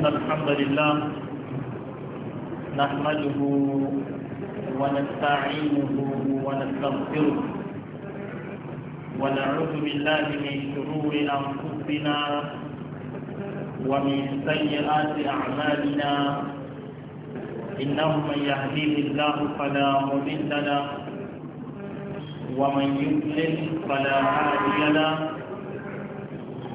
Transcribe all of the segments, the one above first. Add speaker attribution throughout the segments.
Speaker 1: إن الحمد لله نحمده ونستعينه ونستغفره ونعوذ بالله من شرور أنفسنا ومن سيئات أعمالنا إنه من يهديه الله فلا مضل له ومن يضلل فلا هادي له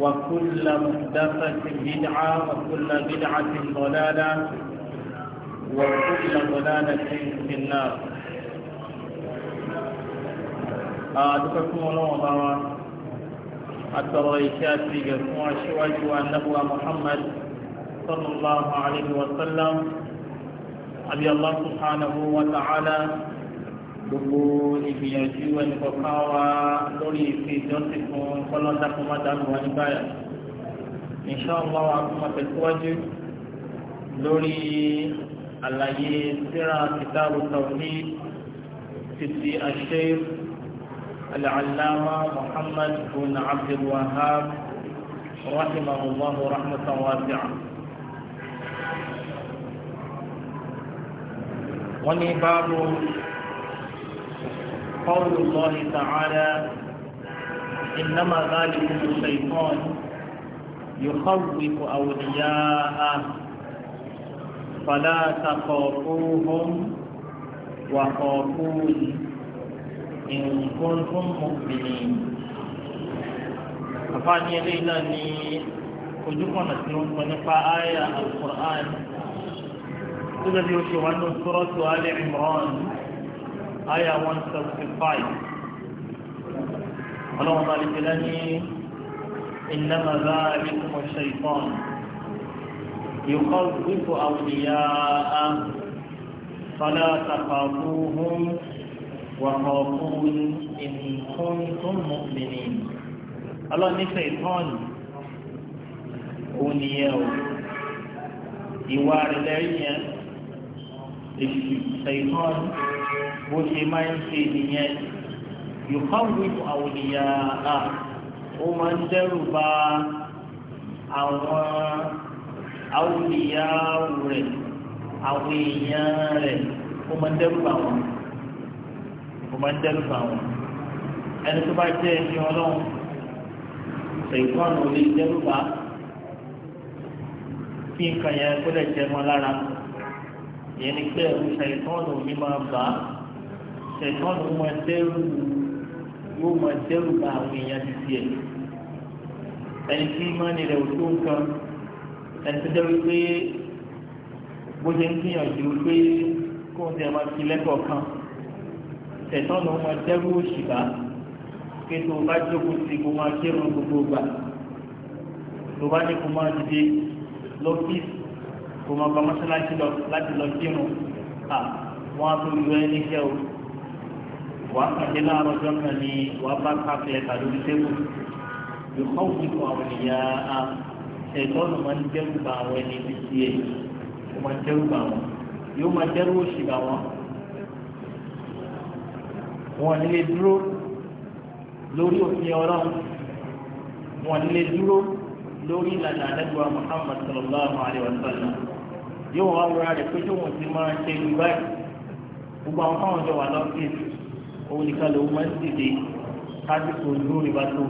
Speaker 1: وكل محدثة بدعة وكل بدعة ضلالة وكل ضلالة في النار أدفكم الله وضعوا في جمع شواج النبوة محمد صلى الله عليه وسلم أبي الله سبحانه وتعالى gbogbo ìgbìyànjú ẹnìkọ̀ọ̀kan wa lórí ìfi ìjọsìn fún kọ́lọ́dá fún mádàmù wa ní báyà ìṣọ́ọ̀mọ́ wa fún àtẹ̀síwájú lórí àlàyé síra kìtàbù tàwí títí Sheikh al-Allama Muhammad bin Abdul Wahhab rahimahullahu rahmatan wasi'a wọ́n ní báàbù قول الله تعالى إنما ذلكم الشيطان يخوف أولياءه فلا
Speaker 2: تخافوهم وخافون إن كنتم مؤمنين
Speaker 1: àfáàní eléyìí náà ní ojúkọ̀nà tí ó ń sọ nípa àyà alukur'an tó dàbí oṣù wa ní sọ́rọ́tù alẹ́ imran aya one seventy five ọlọ́run bá lè jẹ́lá ní ìnáma bá àríkùmọ̀ ṣe ìfọ́n yòókọ́ wípò àwòdìyà á fọlá tàkàfúhùn wàkọ̀ọ̀kún ìnìkún tó mọ̀mìnì ọlọ́run nífẹ̀ẹ́ ìfọ́n òun nìyẹn o ìwà rẹ̀ lẹ́yìn yẹn èsì ìfọ́n bó ṣe máa ń ṣe nìyẹn yòókàwé àwòlíyà à ó máa ń dẹ́rù bà àwọn àwòlíyà rẹ̀ àwọn èèyàn rẹ̀ ó máa ń dẹ́rù bà wọ́n ó máa ń dẹ́rù bà wọ́n ẹni tó bá jẹ́ ẹni ọlọ́run ṣèkọ́nù lè dẹ́rù bà kí nǹkan yẹn kó lè jẹ mọ́ lára yẹn ni pé ẹ̀rù ṣèkọ́nù mi máa bà ṣẹ̀tọ́nù máa dẹ́rù yóò máa dẹ́rù bá àwọn èèyàn ti tiẹ̀ ẹni tí ìmánì rẹ̀ ò tó nǹkan ẹni tó dẹ́rù pé bó ṣe ń gbìyànjú pé kó o tẹ̀ máa fi lẹ́kọ̀ọ́ kan ṣẹ̀tọ́nù máa dẹ́rù òṣìbá pé tó o bá jókòó sí kó máa kírun gbogbo gbà tó o bá ní kó máa dìde lọ́fíìsì kó máa gba mọ́ṣáláṣí lọ láti lọ kírun à wọ́n á tó yọ ẹni jẹ́ o wàá pàdé láàárọ̀ ọjọ́ kan ní wàá bá káfíẹ̀ tà lórí tébù yòókù kíkọ àwọn ìyá a ṣètọ́nù máa ń dẹ́rù bá àwọn ẹni tí ti ẹ̀ ó máa ń dẹ́rù bá wọn yóò máa dẹ́rù òṣì bá wọn. wọn lè dúró lórí òfin ọlọ́run wọn lè dúró lórí ìlànà àdẹ́gbà Muhammad sallallahu alayhi wa sallam yóò wá wúra rẹ̀ pé tí wọ́n ti máa ṣe ìgbà gbogbo àwọn fáwọn jọ wà lọ́fíìsì òun nìkan lòun máa ń dìde kásìkò lórí bá tó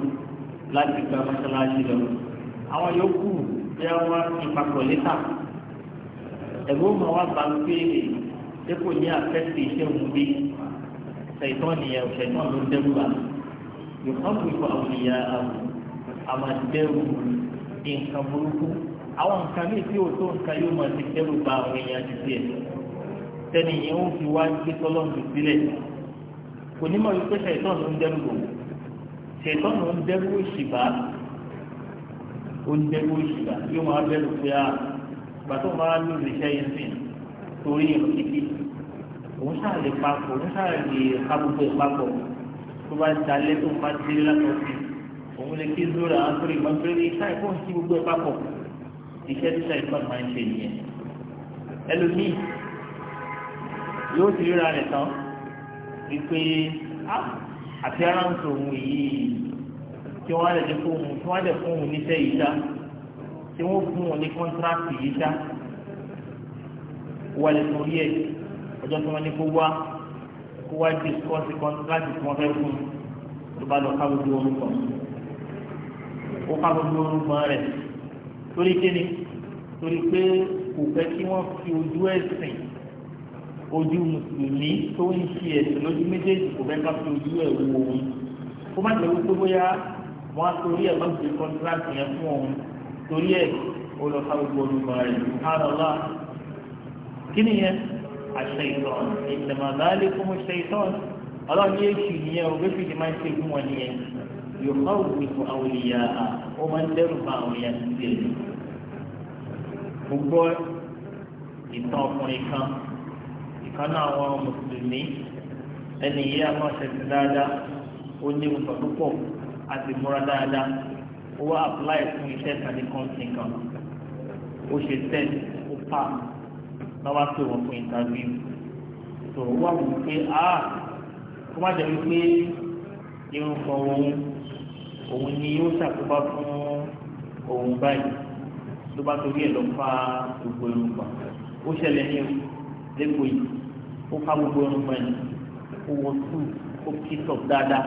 Speaker 1: láti gba mọ́ṣáláṣí lọ àwọn yòókù bí wọ́n ìpapọ̀ létà ẹ̀gbọ́n máa wá bá ń pè é ṣé kò ní àfẹ́sì iṣẹ́ òun bí ṣètọ́ nìyẹn ṣètọ́ ló ń dẹ́rù wa yòókù ìfọ̀ àwọn ìyá àwọn àmàdẹ́rù nǹkan burúkú àwọn nǹkan ní tí o tó nǹkan yóò máa ti dẹ́rù ba àwọn èèyàn ti tiẹ̀ sẹ́ni ó fi wá gbé tọ́lọ́mù kò ní mọ̀ wípé ṣètọ́nù ń dẹ́rù wò ṣètọ́nù ń dẹ́rù òṣìbá ó ń dẹ́rù òṣìbá yóò máa bẹ̀rù pé a ah, gbàtọ́ máa lò lè ṣe yín sìn torí ìrìn kíkí òun ṣáà lè papọ̀ òun ṣáà lè ká gbogbo ẹ̀ papọ̀ tó bá dalẹ́ tó bá délé látọ̀ sí òun lè kí zora àtúrò ìgbàgbére ṣáà ìfọ̀ sí gbogbo ẹ̀ papọ̀ iṣẹ́ tí ṣáà ìfọ̀ máa ń ṣe nìyẹn ẹlòmíì yóò ti ríra rẹ̀ tán wípé ah, àti aráńtò òun yìí tí wọ́n lè fún òun tí wọ́n lè fún òun níṣẹ́ yìí dá tí wọ́n fún òun ní kọ́ńtíráàtì yìí dá wà lè torí ẹ̀ ọjọ́ tí wọ́n ní kó wá kó wá discourse kọ́ńtíráàtì tí wọ́n fẹ́ fún un tó bá lọ ká gbogbo orúkọ ó ká gbogbo orúkọ rẹ̀ torí kíni torí pé kò fẹ́ kí wọ́n fi ojú ẹ̀sìn ojú mùsùlùmí tó ń ṣe ẹ̀sìn lójú méjèèjì kò fẹ́ ká fi ojú ẹ̀ wo òun kó má jẹ́ wípé bóyá wọ́n á torí ẹ̀ má gbé kọ́ńtíráàtì yẹn fún òun torí ẹ̀ ó lọ ká gbogbo olùmọ̀ rẹ̀ subhanallah kí ni yẹn àṣẹ ìtàn ìtẹ̀mọ̀dálé fún ṣe ìtàn ọlọ́run nìyẹn o bí fìdí máa ń ṣe fún wọn nìyẹn yóò Kana náà àwọn mùsùlùmí ẹni yìí a máa ṣẹ̀ṣẹ̀ dáadáa ó ní nǹkan púpọ̀ àti múra dáadáa ó wá apply fún iṣẹ́ tàbí kọ́ńtìn kan ó ṣe test ó pa lọ́wọ́ pé wọ́n fún interview tó wà wù pé a ah, kó má jẹ́ wípé irun kan òun òun ni yóò ṣàkóbá fún òun báyìí ló bá torí ẹ̀ lọ fa gbogbo irun kan ó ṣẹlẹ̀ ní lẹ́kọ̀ọ́ yìí kó ká gbogbo ẹnu mọ ẹni kó wọ tú kó kí tọ̀ dáadáa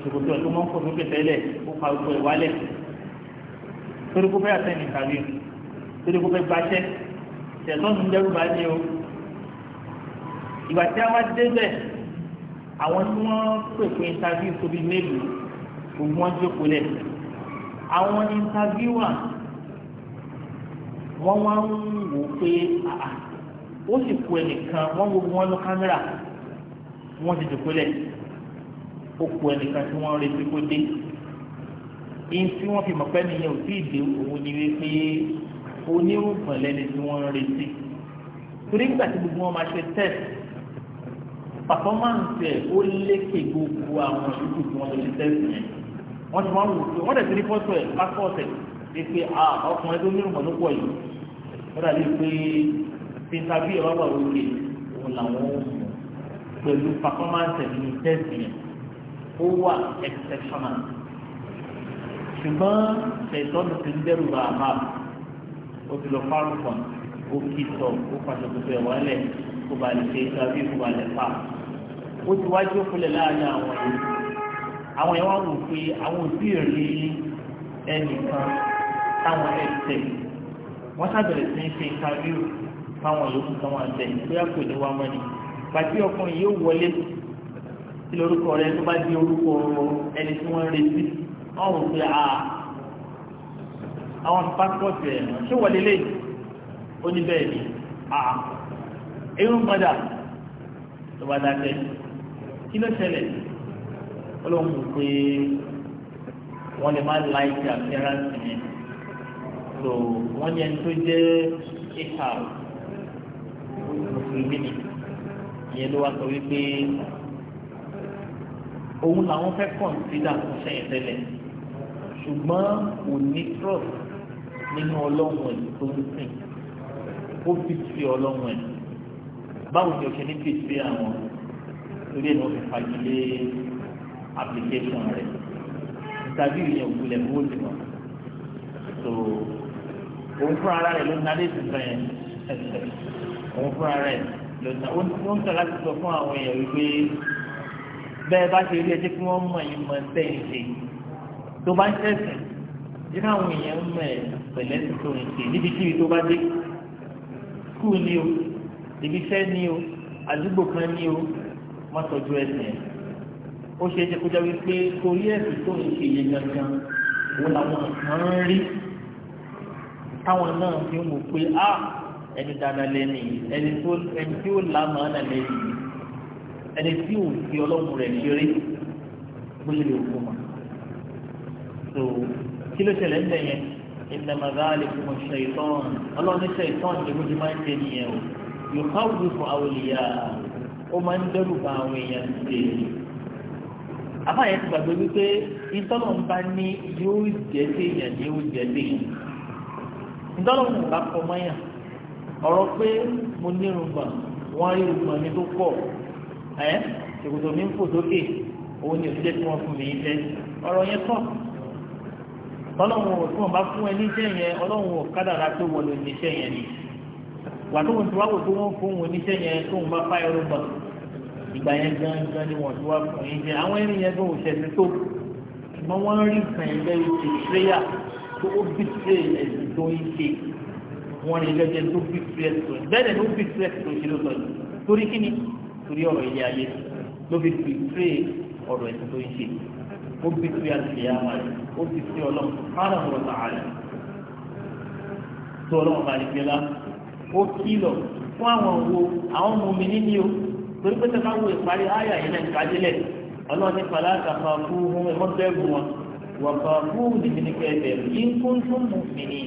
Speaker 1: ṣòkòtò ẹ̀ tó máa ń fò sókè tẹ́lẹ̀ kó ká gbogbo ẹ̀ wálẹ̀ torí kó fẹ́ àtẹ́ni kàwé torí kó fẹ́ gbaṣẹ́ tẹ̀sán ní dẹ́rù bá ní o ìgbà tí a wá débẹ̀ àwọn tí wọ́n pè fún interview tóbi mélòó gbogbo wọn jókòó lẹ̀ àwọn interviewer wọ́n wá ń wò pé àà ó sì kú ẹnìkan wọ́n gbogbo wọn lọ kámẹ́rà wọ́n ti dùkú lẹ̀ ó kú ẹnìkan tí wọ́n retí kó dé èyí tí wọ́n fi mọ̀ pé nìyẹn ò tí ì dé òun ni wípé onírúgbọ̀n lẹ́ni tí wọ́n ń retí torí nígbà tí gbogbo wọn máa ṣe test performance ẹ̀ ó lékè gbogbo àwọn ìṣubú tí wọ́n lọ ṣe test yẹn wọ́n ti máa ń wò pé wọ́n tẹ̀sí ní fọ́tò ẹ̀ pásítọ̀ọ̀tẹ̀ pé pé ah, ọkùnrin tó nírùmọ̀ ló pọ̀ yìí wọ́n dàbí pé tìǹtàbí ìrọ́bà òkè òun làwọn ohun pẹ̀lú pàfọ́mánsì ní tẹ́sì ó wà exceptional ṣùgbọ́n ṣètọ́nù ti ń dẹ́rù bá àmà ó ti lọ fárúkọ̀n ó kì í sọ ó pàṣẹ gbogbo ẹ̀ wálẹ̀ kó ba lè ṣe ìtàbí kó ba lè fà ó ti wájú òkúlẹ̀ láàrin àwọn yìí àwọn yẹn wá wò pé àwọn òbí rí ẹnìkan táwọn ẹ̀ tẹ̀ wọ́n sábẹ̀rẹ̀ sí ń ṣe ìtàbí fáwọn yòókù kan wà bẹ bóyá kò ní wá mọ́ni pàtí ọkùnrin yóò wọlé tí lórúkọ rẹ tó bá di orúkọ ẹni tí wọ́n ń retí wọ́n wò pé a ah, àwọn pásítọ̀tì ẹ̀ ṣé wọlé lè ó ní bẹ́ẹ̀ ni a ah, irun padà ló bá dákẹ́ kí ló ṣẹlẹ̀ ó ló ń wò pé wọ́n lè má láìsí àfẹ́ránsì yẹn so wọ́n yẹn tó jẹ́ ìhàwọ̀ pé mini ìyẹn ló wá sọ wípé òun làwọn fẹ́ kọ̀ǹsídà fún sẹ́yìn tẹ́lẹ̀
Speaker 2: ṣùgbọ́n kò ní trust
Speaker 1: nínú ọlọ́run ẹ̀ tó ń sìn ó fi sí ọlọ́run ẹ̀ báwo ni o ṣe ní fi sí àwọn torí ẹ̀nà òfin fagilé application rẹ̀ ìtàbí ìyẹn òkúlẹ̀ bóòlù mọ́ so òun fúnra rẹ̀ ló ń darí ìsìnkàn yẹn ẹ̀sẹ̀ òun fúnra rẹ̀ lọ́sà ó ń tọ́ láti sọ fún àwọn èèyàn wípé bẹ́ẹ̀ bá ṣe rí ẹjẹ́ kí wọ́n mọ̀ yín mọ̀ sẹ́yìn ṣe tó bá ń ṣẹ̀sìn yín káwọn èèyàn ń mọ̀ ẹ̀ pẹ̀lẹ́ tó ń ṣe níbi kíbi tó bá dé skul ni o ibi iṣẹ́ ni o àdúgbò kan ni o má tọ́jú ẹ̀sìn ó ṣe é kó jẹ́ wípé torí ẹ̀sìn tó ń ṣe yẹn gangan òun làwọn kan rí táwọn náà fi ń wò pé ah ẹni dáná lẹ́nu yìí ẹni tó ẹni tí ó lámà ánà lẹ́nu yìí ẹni tí ò fi ọlọ́run rẹ̀ ṣeré bó ṣe lè kó ma. so kí ló ṣẹlẹ̀ ńlẹ̀ yẹn ìdàmàgà lè fún ọ ṣe ìtọ́n ọlọ́run ní ṣe ìtọ́n ní bó ṣe máa ń ṣe nìyẹn o yóò ká wù fún àwòlíyà ó máa ń dẹ́rù bá àwọn èèyàn ṣe é àbáyé ti gbàgbé wípé ìtọ́lọ̀ ń bá ní yóò jẹ́ sí èèyàn yóò jẹ́ sí èèyàn bá kọ́ mọ́yàn ọ̀rọ̀ pé mo ní irùngbà wọ́n rí irùngbà mi tó pọ̀ ẹ́ ṣòkòtò mi ń fò sókè òun ni òṣìṣẹ́ tí wọ́n fún mi jẹ́ ọ̀rọ̀ yẹn tọ̀ ọlọ́run ò tí wọ́n bá fún ẹ níṣẹ́ yẹn ọlọ́run ò kádàrá pé wọ́n níṣẹ́ yẹn ni wà tó wọn ti wá tó wọn fún wọn níṣẹ́ yẹn tó wọn bá fá ẹrú gbà ìgbà yẹn gangan ni wọ́n ti wá fún yín jẹ àwọn ẹni yẹn tó wọ́n ṣẹ̀ṣẹ̀ tó ṣùgbọ́n wọ́n rí nǹkan yẹn lẹ́yìn ìṣẹ́yà tó ó bí ṣe ẹ̀sìn tó ń ṣe wọ́n ní lọ́jọ́ tó fi stress tó bẹ́ẹ̀ ló fi stress tó ṣe ló sọ yìí torí kí ni torí ọ̀rọ̀ ilé ayé ló fi fi tré ọ̀rọ̀ ẹ̀sìn tó ń ṣe ó fi tré àtìlẹ́ yàrá rẹ̀ ó fi tré ọlọ́run fara ọ̀rọ̀ tàà rẹ̀ tó ọlọ́run bá nìkan lá ó kìlọ̀ fún àwọn wo àwọn ọmọ mi níní o torí pé tẹ́ka wo ìparí ayà yìí náà ọlọ́run ní fàlà àtàkà fún ọmọ ẹ̀mọ́ wọn wà fà fún ìdíjìnì kẹ́ẹ̀bẹ̀ kí ń kún fún mùsùlùmí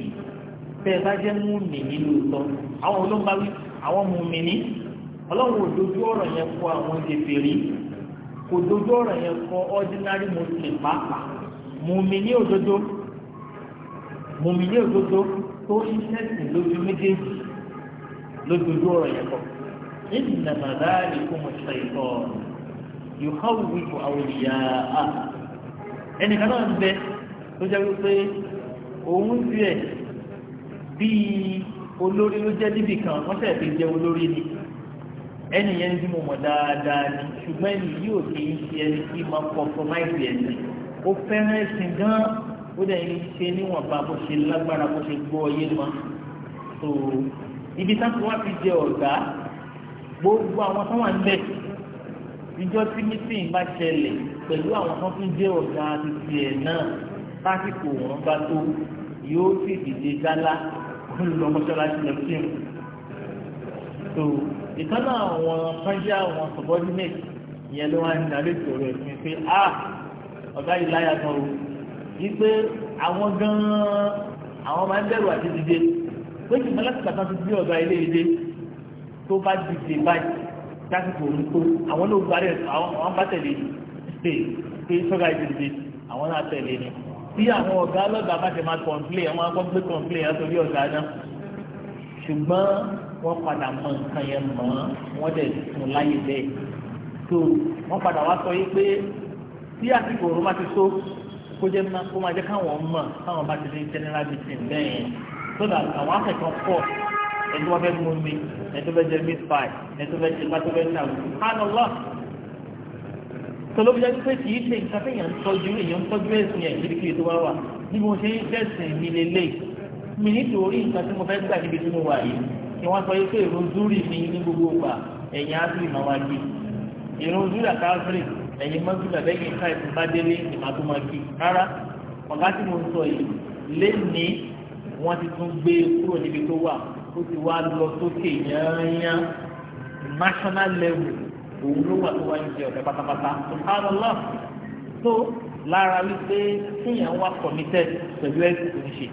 Speaker 1: bẹ́ẹ̀ bá jẹ́ mú mi ní lóòótọ́ àwọn olóńgbà wí àwọn mú mi ní ọlọ́run ò dojú ọ̀rọ̀ yẹn kọ àwọn kèfèrí kò dojú ọ̀rọ̀ yẹn kọ ordinary muslim pàápàá mú mi ní òdodo mú mi ní òdodo tó iṣẹ́ lójú méjèèjì ló ọ̀rọ̀ yẹn kọ. inna dhalikumu shaytan yukhawwifu awliyaa ẹnìkan náà ń bẹ tó jẹ́ wípé òun tiẹ̀ bíi olórí ló jẹ́ níbì kan wọ́n ṣẹ̀ fi jẹ́ olórí ni ẹni yẹn tí mo mọ̀ dáadáa ni ṣùgbọ́n ẹni yóò kì í ṣe ẹni tí máa compromise ẹni o fẹ́ràn ẹ̀sìn gan ó dẹ̀ ń ṣe níwọ̀nba bó ṣe lágbára bó ṣe gbọ́ ọyé mọ́ so ibi táwọn wá ti jẹ ọ̀gá gbogbo àwọn tó wà níbẹ̀ ìjọ tí mítìn bá ṣẹlẹ̀ pẹ̀lú àwọn tó tún jẹ́ ọ̀gá àti tiẹ̀ náà lásìkò wọn bá tó yóò sì dìde gálá òun lọ mọ́ṣáláṣí lọ sí wọn. tó ìtọ́nà àwọn kọjá àwọn subordinate ìyẹn ló wá ń darí ìṣòro ẹ̀sìn pé a ọ̀gá yìí láyà kan o yí pé àwọn gan-an àwọn máa ń bẹ̀rù àti dìde pé kí mọ́lẹ́sìkà kan ti gbé ọ̀gá ilé ìdè tó bá dìde báyìí lásìkò òun tó àwọn náà gba rẹ̀ àwọn bá tẹ̀lé ṣe pé sọ́gà ìdìde àwọn náà tẹ̀lé ni tí àwọn ọ̀gá ọlọ́gá bá ti máa kọ̀ǹplé àwọn akọ́gbé kọ̀ǹplé àtòrí ọ̀gá náà ṣùgbọ́n wọ́n padà mọ nǹkan yẹn mọ́ wọ́n dẹ̀ sùn láyé bẹ́ẹ̀ tó wọ́n padà wá sọ yí pé tí àsìkò òru bá ti tó kó jẹ́ kó máa jẹ́ káwọn mọ̀ káwọn bá ti ní general meeting bẹ́ẹ̀ so that àwọn akẹ́kọ̀ọ́ pọ̀ ẹni wọ́n fẹ́ mú mi ẹni tó fẹ́ jẹ́ mid-five ẹni tó fẹ́ tọ́lọ́ bí wọ́n pé kì í ṣe nǹkan téèyàn ń tọ́jú èèyàn ń tọ́jú ẹ̀sìn yẹn kiri tó bá wà bí mo ṣe ń tẹ̀sìn mi lélẹ̀ mi nítorí nǹkan tí mo fẹ́ gbà níbi tí mo wà yìí ni wọ́n sọ pé èrò zúrì mi ní gbogbo ìgbà ẹ̀yìn áfírì máa wá gbé èrò zúrì ẹ̀yìn mọ́tòlá lẹ́yìn ká ẹ̀sìn bá délé ìmàtòmọ́kì rárá òun ló wà tó wá ń jẹ ọ̀fẹ́ pátápátá subhanallah tó lára wípé kéèyàn wá committed pẹ̀lú ẹ̀sìn tó ń ṣe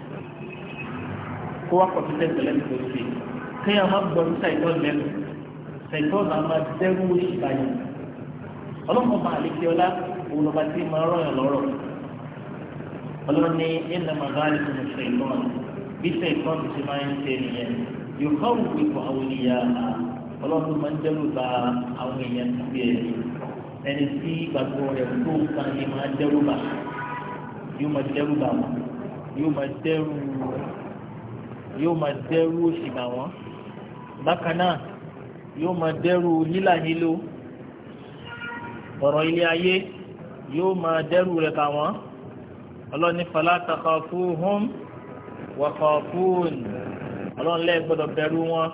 Speaker 1: kó wá committed pẹ̀lú ẹ̀sìn tó ń ṣe kéèyàn má gbọ́ ní ṣàìtọ́ lẹ́nu ṣàìtọ́ náà máa dẹ́rù oṣù báyìí ọlọ́mọba àlejò ọlá òun lọ́ba tí máa rọ̀yàn lọ́rọ̀ ọlọ́ni ẹ̀nà màbá àlejò ṣàìtọ́ ń ṣe nìyẹn ọlọ́run máa ń dẹ́rù ba àwọn èèyàn síbi ẹ̀mí ẹni tí gbàgbọ́ rẹ̀ tó nǹkan ni máa dẹ́rù ba yóò máa dẹ́rù ba wọn yóò máa dẹ́rù yóò máa dẹ́rù òṣì bà wọ́n bákan náà yóò máa dẹ́rù lílà nílò ọ̀rọ̀ ilé ayé yóò máa dẹ́rù rẹ̀ bà wọ́n ọlọ́run ní fala takhafuhum wa khafuun ọlọ́run lẹ́ẹ̀ gbọ́dọ̀ bẹ̀rù wọn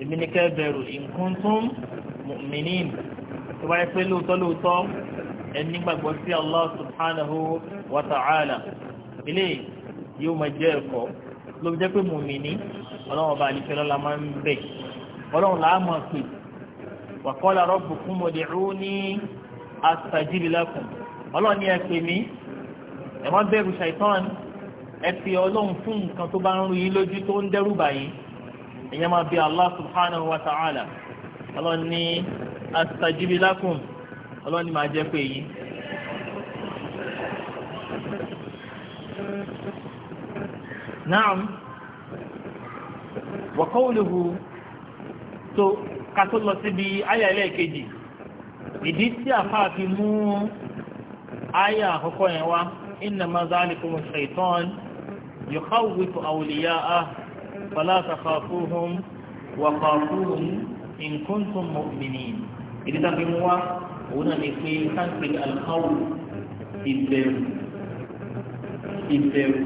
Speaker 1: èmi ní kẹ́ bẹ̀rù in kuntum mu'minin tó bá yẹ pé lóòótọ́ lóòótọ́ ẹni gbàgbọ́ sí Allah subhanahu wa ta'ala ilé yóò máa jẹ́ ẹ̀kọ́ ló jẹ́ pé mùmìnì ọlọ́run bá àlìfẹ́ lọ́la máa ń bẹ̀ ọlọ́run làá mọ̀ pé wa qala rabbukum ud'uni astajib lakum ọlọ́run ní ẹ pè mí bẹ̀rù ṣàìtàn ẹ ọlọ́run fún nǹkan tó bá ń rú yín lójú tó ń dẹ́rù bàyín ìyẹn máa bí Allah subhanahu wa ta'ala ọlọ́run ní astajibi lakum ọlọ́run ní máa jẹ́ pé yìí. naam wa qawluhu tó kátó lọ síbi àyà ẹlẹ́ẹ̀kejì ìdí tí àfáà mú àyà àkọ́kọ́ yẹn wá innama zalikum shaytan yukhawwifu awliya'ah. فلا تخافوهم وخافوهم إن كنتم مؤمنين إذا تقيموا هنا نقول تنقل الخوف ìbẹ̀rù ìbẹ̀rù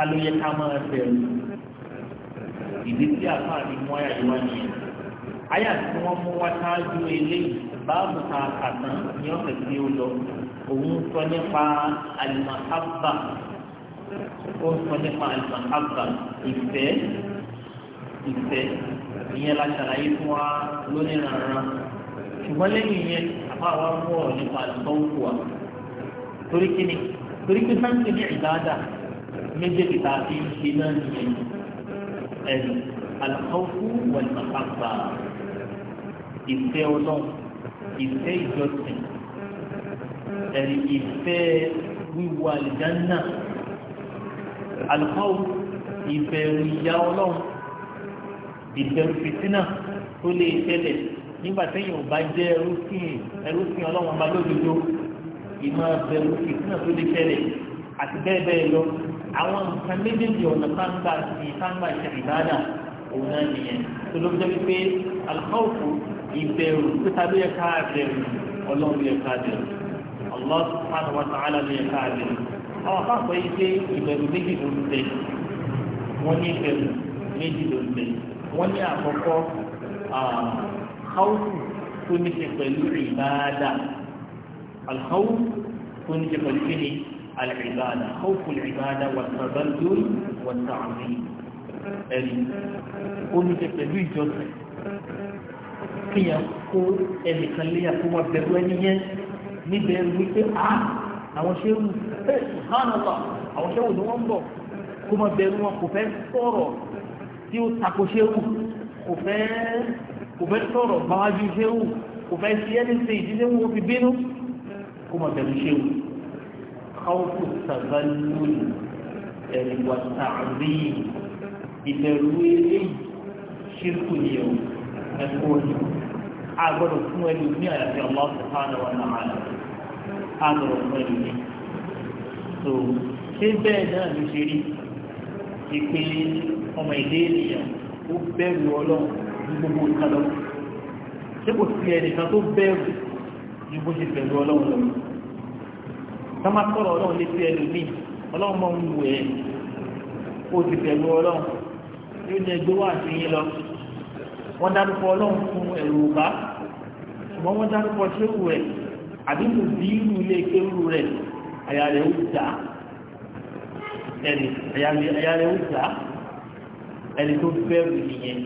Speaker 1: alóye ká máa bẹ̀rù ìdí tí àfáà ní mú àyà yìí wá ní ẹ̀. àyà tí wọ́n mú wá ṣáájú eléyìí báàbù ta kàtàn ní ọ̀sẹ̀ tí ó lọ òun sọ nípa alimahabba ó sọ nípa àlùfáàbà ìfẹ́ ìfẹ́ ìyẹn la ṣàlàyé fún wa lónìí rárá ṣùgbọ́n lẹ́yìn yẹn àbá wa ń wọ̀ nípa àlùfáàbù wa torí kíni torí pé sáńtì ní ìdáadà méjèèjì tá a fi ń ṣe náà nìyẹn ẹ̀rù àlùfáàbù wà ní àlùfáàbà ìfẹ́ ọlọ́run ìfẹ́ ìjọsìn ẹ̀rì ìfẹ́ wíwọ àlùjánnà náà alùpàwù ìbẹ̀rù ìyá ọlọ́run ìbẹ̀rù fìtínà tó lè tẹ́lẹ̀ nígbà téèyàn bá jẹ́ ẹrúsìn ẹrúsìn ọlọ́run ọba lódodo ìmọ̀ bẹ̀rù fìtínà tó lè tẹ́lẹ̀ àti bẹ́ẹ̀ bẹ́ẹ̀ lọ àwọn nǹkan méjèèjì ọ̀nà kángbà sí kángbà ṣe ìbádà òun náà nìyẹn tó ló jẹ́ wípé alùpàwù ìbẹ̀rù títa ló yẹ ká bẹ̀rù ọlọ́run yẹ ká bẹ̀rù Allah subhanahu wa ta'ala ló yẹ ká bẹ̀rù. àwọn akọ́kọ́ yìí pé ìbẹ̀rù méjì ló ń bẹ wọ́n ní ìbẹ̀rù méjì ló ń bẹ wọ́n ní àkọ́kọ́ àhàwù tó ní ṣe pẹ̀lú ìbáadà àhàwù tó ní ṣe pẹ̀lú kíni العبادة خوف العبادة والتبذل والتعظيم ẹ̀rí ní ṣe pẹ̀lú ìjọsìn kíyàn kó ẹnìkan léyà kó wọ́n bẹ̀rù ẹni yẹn níbẹ̀rù wípé àá àwọn ṣéwù ẹ eh, hánàlá àwọn ṣéwù ni wọ́n ń bọ̀ kó mọ bẹ̀rù wọn kò fẹ́ sọ̀rọ̀ tí ó tako ṣéwù kò fẹ́ kò fẹ́ sọ̀rọ̀ báwájú ṣéwù kò fẹ́ ṣe ẹni ṣe ìdílé wọn fi bínú kó mọ bẹ̀rù ṣéwù. káwọ́pù sàbálùú ẹ̀rì wà tààrí ìbẹ̀rù eré ṣírkù ni ẹ̀kọ́ ni a gbọ́dọ̀ fún ẹlòmíràn àti Allah subhanahu wa ta'ala àtọ̀rọ̀ fún ẹ̀lú ní so ṣé bẹ́ẹ̀ náà ló ṣe rí ìpè ọmọ ìdí ènìyàn ó bẹ̀rù ọlọ́run ní gbogbo nǹkan lọ ṣé kò sí ẹnìkan tó bẹ̀rù ní bó ṣe bẹ̀rù ọlọ́run lọ ká má kọ́rọ̀ ọlọ́run létí ẹlú ní ọlọ́run mọ̀ ń wù ẹ́ wọ́n dárúkọ ọlọ́run fún ẹ̀rù ọ̀bá ṣùgbọ́n wọ́n dárúkọ ṣéwù ẹ̀ àbí kò sí irú ilé kéwú rẹ̀ àyà rẹ̀ ó dà ẹni àyà rẹ̀ ó dà ẹni tó bẹ̀rù nìyẹn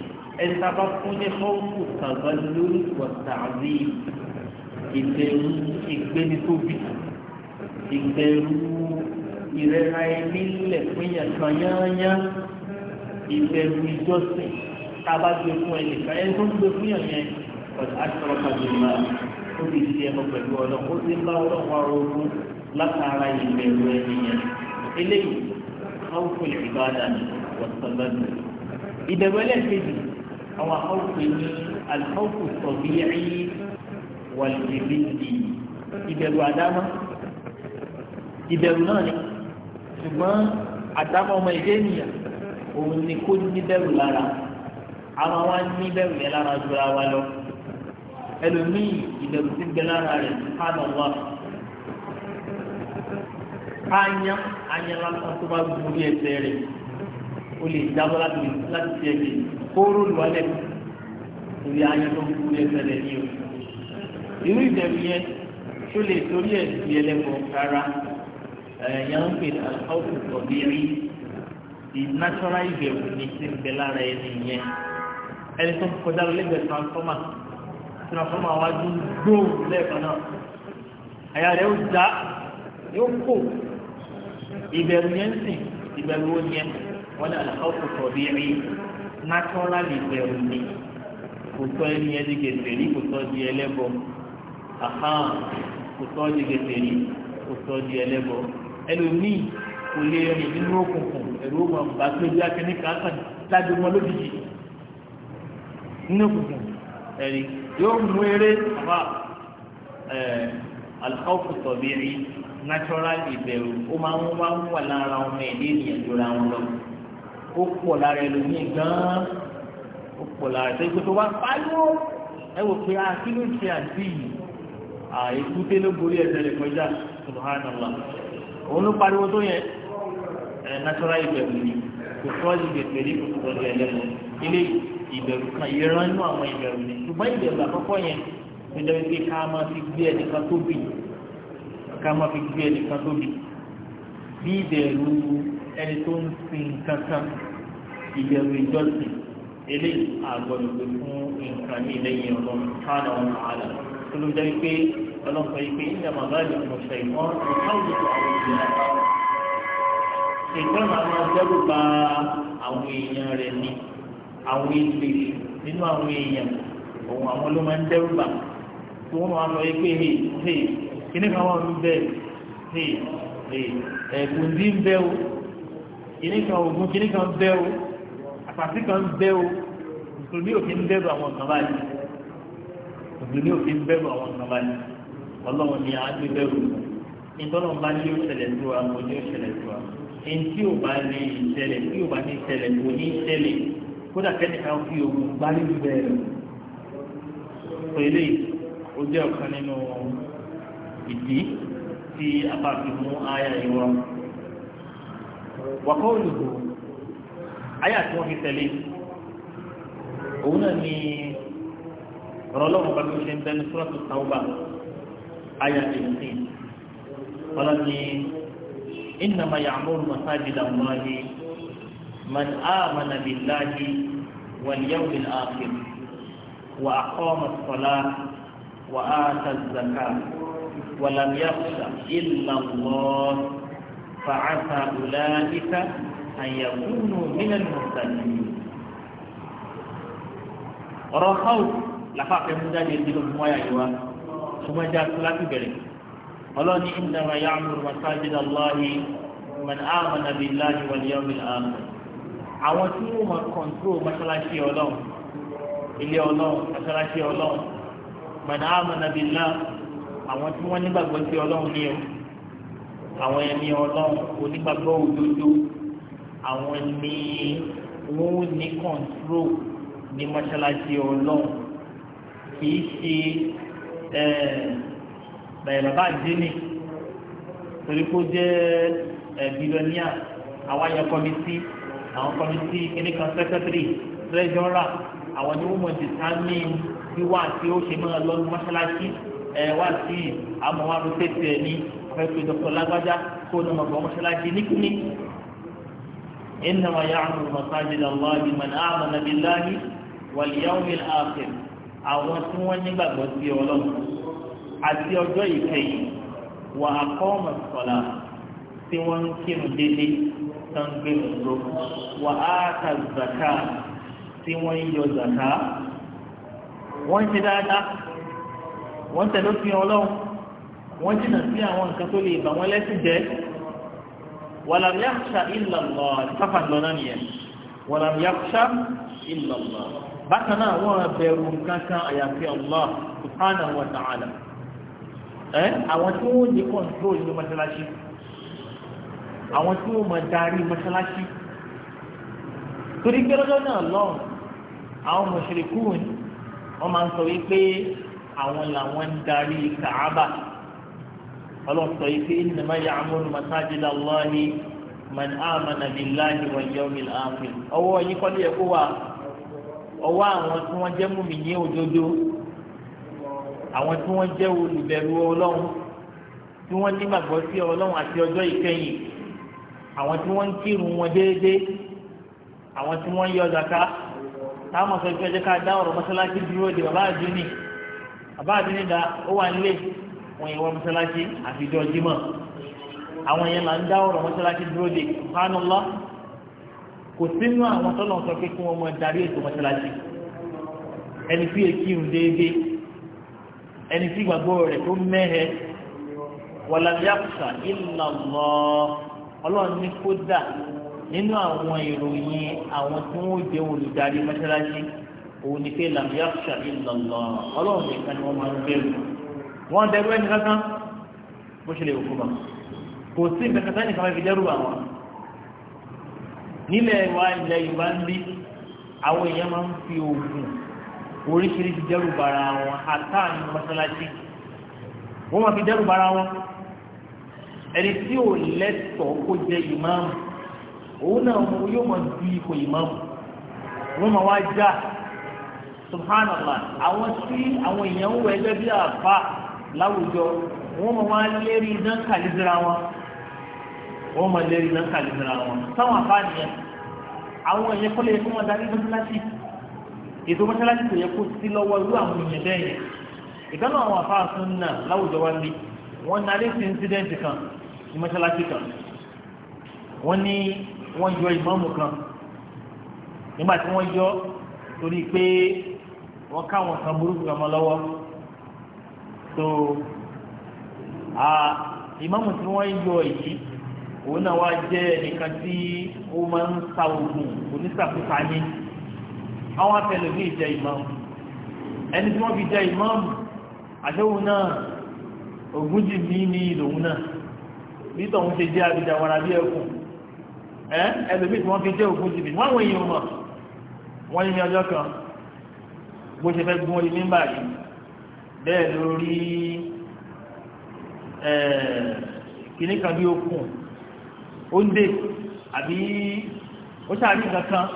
Speaker 1: ẹni tá a bá fún ní họ́ọ̀mù tàbá lórí wọ̀tà àbí ìbẹ̀rù ìgbéni tóbi ìbẹ̀rù ìrẹ́ra ẹni lẹ̀ fún yàtọ̀ yányá ìbẹ̀rù ìjọsìn tá a bá gbé fún ẹnìkan ẹni tó ń gbé fún yàn yẹn ọ̀dà àti ọ̀rọ̀ kàdùnmá ó ti ṣe ẹnu pẹ̀lú ọlọ́run ó ti bá ọlọ́run wá ogún látara ìbẹ̀rù ènìyàn eléyìí káwùkù ìbáda ni wọ́sọ̀lọ́dún. ìbẹ̀rù ẹlẹ́ẹ̀kejì àwọn àkọ́kù ní àkọ́kù sọ̀bíyàí wàlúùbíyì ìbẹ̀rù àdámọ́ ìbẹ̀rù náà ni ṣùgbọ́n àdámọ́ ọmọ ìdí ènìyàn òun ni kó níbẹ̀rù lára àwọn wa níbẹ̀rù yẹn lára jura ẹlòmíì ìbẹ̀rù ti gbẹ lára rẹ̀ hánà wà. Ányán ányán lásán tó bá gbó ní ẹsẹ̀ rẹ̀ o lè dábọ́ láti láti ti ẹ̀jẹ̀ kóró lù wálẹ̀ torí ányán tó gbó ní ẹsẹ̀ rẹ̀ ní o.
Speaker 2: Irú ìbẹ̀rù yẹn
Speaker 1: tó lè torí ẹ̀ di ẹlẹ́kọ̀ọ́ rárá ẹ̀yàn ń pè ní tọ̀bírí the natural ìbẹ̀rù ní ti ń lára ẹni yẹn ẹni tó kọjá lọ lẹ́gbẹ̀ẹ́ transformer tìrọ̀fọ́mà wájú gbóòrò lẹ́ẹ̀kan náà àyà rẹ̀ ó já yóò kó ìbẹ̀rù yẹn sìn ìbẹ̀rù ó yẹn wọ́n ní àlàkọ́kù tọ̀bí rí náturali ìbẹ̀rù ni kò tọ́ ẹni ẹni gèsè rí kò tọ́ di ẹlẹ́bọ àhán kò tọ́ di gèsè rí kò tọ́ di ẹlẹ́bọ ẹlòmíì kò lè rìn nínú òkùnkùn ẹ̀rọ òmùgbà tó jẹ́ akẹ́ni kankan lágbèmọ́ lójijì nínú òkùnkùn ẹ̀rí yóò mú eré àbá alkhawfu tabi'i natural ìbẹ̀rù ó máa ń wá ń wà lára ọmọ ẹ̀dá ènìyàn lóra wọn lọ ó pọ̀ lára ẹlòmíì gan-an ó pọ̀ lára ẹ̀sẹ̀ ìgbésẹ̀ wá pálọ́ ẹ wò pé kí ló ṣe àti èkúté ló borí ẹ̀sẹ̀ rẹ̀ kọjá subhanallah òun ló pariwo tó yẹ natural ìbẹ̀rù ni kò sọ́ọ́ ìbẹ̀rù pẹ̀lú ìkòkòrò ẹ̀lẹ́mọ̀ ilé yìí ìbẹ̀rù kan ìran inú àwọn ìbẹ̀rù ni ṣùgbọ́n ìbẹ̀rù àkọ́kọ́ yẹn ló jẹ́ wípé ká máa fi gbé ẹnìkan tóbi ká máa fi gbé ẹnìkan tóbi bí ìbẹ̀rù ẹni tó ń sin kankan ìbẹ̀rù ìjọsìn eléyìí àgbọ̀dọ̀ pé fún nǹkan ní ìlẹ́yìn ọlọ́run káàdà wọn àlà tó ló jẹ́ wípé ọlọ́run sọ wípé ìjà màmá rẹ̀ kò ṣe ìmọ̀ ìkáwùjọ àwọn ìgbìyànjú
Speaker 2: ìgbọ́n àwọn ọjọ́
Speaker 1: ló ba àwọn èèyàn rẹ̀ ní àwọn ilé nínú àwọn èèyàn òun àwọn ló máa ń dẹ́rù bà tí wọ́n máa lọ pé hey hey kíní kan wà ń bẹ hey hey ẹ̀bùn dín bẹ o kíní kan ògùn kíní kan bẹ o àpàtì kan bẹ o mùsùlùmí ò fi ń bẹ̀rù àwọn kan báyìí mùsùlùmí ò fi ń bẹ̀rù àwọn kan báyìí ọlọ́run ni a ti bẹ̀rù ìtọ́nà bá ní òṣèlẹ̀ tó wa mo ní òṣèlẹ̀ tó wa èyí tí ò bá ní ìṣẹ̀lẹ̀ tí ò bá ní ìṣẹ̀lẹ̀ kò ní ìṣẹ̀lẹ̀ kódà kẹ́nìkan fi òun gbárí bẹ́ẹ̀ pẹ̀lú ó jẹ́ ọ̀kan nínú ìdí tí a bá fi mú aya ìwọ wàkọ́ olùgbò aya tí wọ́n fi tẹ̀lé òun náà ni rọlọ́wọ́ bá tó ṣe ń bẹ́ni sọ́ọ̀tù tàwùbà aya èyí ọlọ́ni ìnàmà yàmúrù masájìdà wọ́n yìí من آمن بالله واليوم الآخر وأقام الصلاة وآتى الزكاة ولم يخش إلا الله فعسى أولئك أن يكونوا من المهتدين ọ̀rọ̀ káwù làfàfẹ́ mú jáde nínú fún wáyà yìí wá ṣùgbọ́n ẹja tó láti bẹ̀rẹ̀ ọlọ́ni ìdára ya'muru masajid Allahi man amana billahi wal yawmil akhir àwọn tí wọ́n máa kọ̀ǹtró mọ́ṣáláṣí ọlọ́run ilé ọlọ́run mọ́ṣáláṣí ọlọ́run mọ̀nà àmọ̀nàbílá àwọn tí wọ́n nígbàgbọ́ sí ọlọ́run ní o àwọn ẹni ọlọ́run onígbàgbọ́ òdodo àwọn ẹni wọ́n ní kọ̀ǹtró ní mọ́ṣáláṣí ọlọ́run kì í ṣe bẹ̀rẹ̀ bàbá àdínì torí kó jẹ́ bílíọ̀níà àwọn ayọ̀ kọ́mítì àwọn kọ́mítì ẹnìkan sẹ́kẹ́tìrì tírẹ́jọ́rà àwọn ni wọ́n mọ̀ ti sáámi bí wá àti ó ṣe máa lọ mọ́ṣáláṣí ẹ̀ wá sí àmọ́ wọn ló tètè ẹ̀ ní ọ̀fẹ́ pé dọ́kítọ̀ lágbájá kó ní ọmọkùnrin mọ́ṣáláṣí níkùnmí. إنما يعمر مساجد الله من آمن بالله واليوم الآخر àwọn tí wọ́n nígbàgbọ́ sí ọlọ́run àti ọjọ́ ìkẹyìn wà tán gbé lọ wà á ta zaka tí wọ́n ń yọ zaka wọ́n ti dáadáa wọ́n tẹ̀lé fi hàn lọ́wọ́ wọ́n jìnnà sí àwọn nǹkan tó lè bà wọ́n lẹ́sìn jẹ́ wàlàm yakhsha illa Allah sáfà lọ́nà nìyẹn wàlàm yakhsha illa Allah bákan náà wọ́n bẹ̀rù kankan àyàfi Allah subhanahu wa ta'ala ẹ̀ àwọn tí wọ́n ní kọ́ńtrol ní mọ́ṣáláṣí àwọn tí wọ́n máa darí mọ́ṣáláṣí torí pé lọ́jọ́ náà lọ́hùn àwọn mọ̀ṣẹ̀lẹ̀kùn wọ́n máa ń sọ wípé àwọn làwọn ń darí kàábà ọlọ́run sọ wípé innama ya'muru masajida Allahi man amana billahi wal yawmil akhir ọwọ́ yín kọ́ ló yẹ kó wà ọwọ́ àwọn tí wọ́n jẹ́ múmi ní òdodo àwọn tí wọ́n jẹ́ olùbẹ̀rù ọlọ́run tí wọ́n nígbàgbọ́ sí ọlọ́run àti ọjọ́ ìkẹyìn àwọn tí wọ́n ń kírun wọn déédéé àwọn tí wọ́n ń yọ zaka táwọn sọ pé ẹjẹ́ ká dá ọ̀rọ̀ mọ́sálásí dúró de bàbá àdúní bàbá àdúní da ó wà nílé wọn yẹ mọ́sálásí àfijọ́ jímọ̀ àwọn yẹn là ń dá ọ̀rọ̀ mọ́sálásí dúró de subhanallah kò sínú àwọn tọ́lọ̀ sọ pé kí wọ́n mọ darí ètò mọ́sálásí ẹni tí èkí ń déédéé ẹni tí ìgbàgbọ́ rẹ̀ tó mẹ́hẹ wàlàbíàkùsà ìlànà ọlọ́run ní kódà nínú àwọn ìròyìn àwọn tí wọ́n jẹ́ olùdarí mọ́ṣáláṣí òun ni pé làmúyà ṣàlì lọ́lọ́ ọlọ́run nìkan ni wọ́n máa ń bẹ̀rù wọ́n dẹ́rù ẹni kankan bó ṣe lè kú bá kò sí nǹkan kan nìkan fi dẹ́rù àwọn nílẹ̀ wa ilẹ̀ yorùbá ń bí àwọn èèyàn máa ń fi oògùn oríṣiríṣi dẹ́rù bara wọn àtàwọn mọ́ṣáláṣí wọ́n máa fi dẹ́rù bara wọn. ẹni tí ò lẹ́tọ̀ọ́ kó jẹ ìmáàmù òun náà mo yóò mọ̀ ju ipò ìmáàmù wọ́n máa wá já subhanallah àwọn tí àwọn èèyàn ń wọ ẹgbẹ́ bí àfa láwùjọ wọ́n máa wá lérí iná kàlídìrà wọn wọ́n máa lérí iná kàlídìrà wọn sáwọn àfa nìyẹn àwọn èèyàn kọ́lé yẹ kó wọ́n darí mọ́sálásí ètò mọ́sálásí yẹ kó sí lọ́wọ́ irú àwọn èèyàn bẹ́ẹ̀ yẹn ìdáná àwọn láwùjọ ní wọ́n nalé ní mọ́ṣáláṣí kan wọ́n ní wọ́n yọ ìmáàmù kan nígbà tí wọ́n yọ torí pé wọ́n káwọn kan burúkú ọmọ lọ́wọ́ tó ìmáàmù tí wọ́n yọ èyí òun náà wá jẹ́ ẹnìkan tí ó máa ń sa oògùn oníṣàkóso ayé àwọn afẹlẹ́gbẹ́ ìjẹ ìmáàmù ẹni tí wọ́n fi jẹ ìmáàmù àdéhùn náà ògúnjì mí ní ìlòun náà bí tọ̀hún ṣe jẹ́ abidà wàrà bí ẹkùn ẹ tí wọ́n fi jẹ́ ògùn jìbì wọ́n àwọn èèyàn mọ̀ wọ́n ní ní kan bó ṣe fẹ́ gún orí mímbà yìí bẹ́ẹ̀ lórí kìíní kan bí okùn ó àbí ó ṣàrí nǹkan kan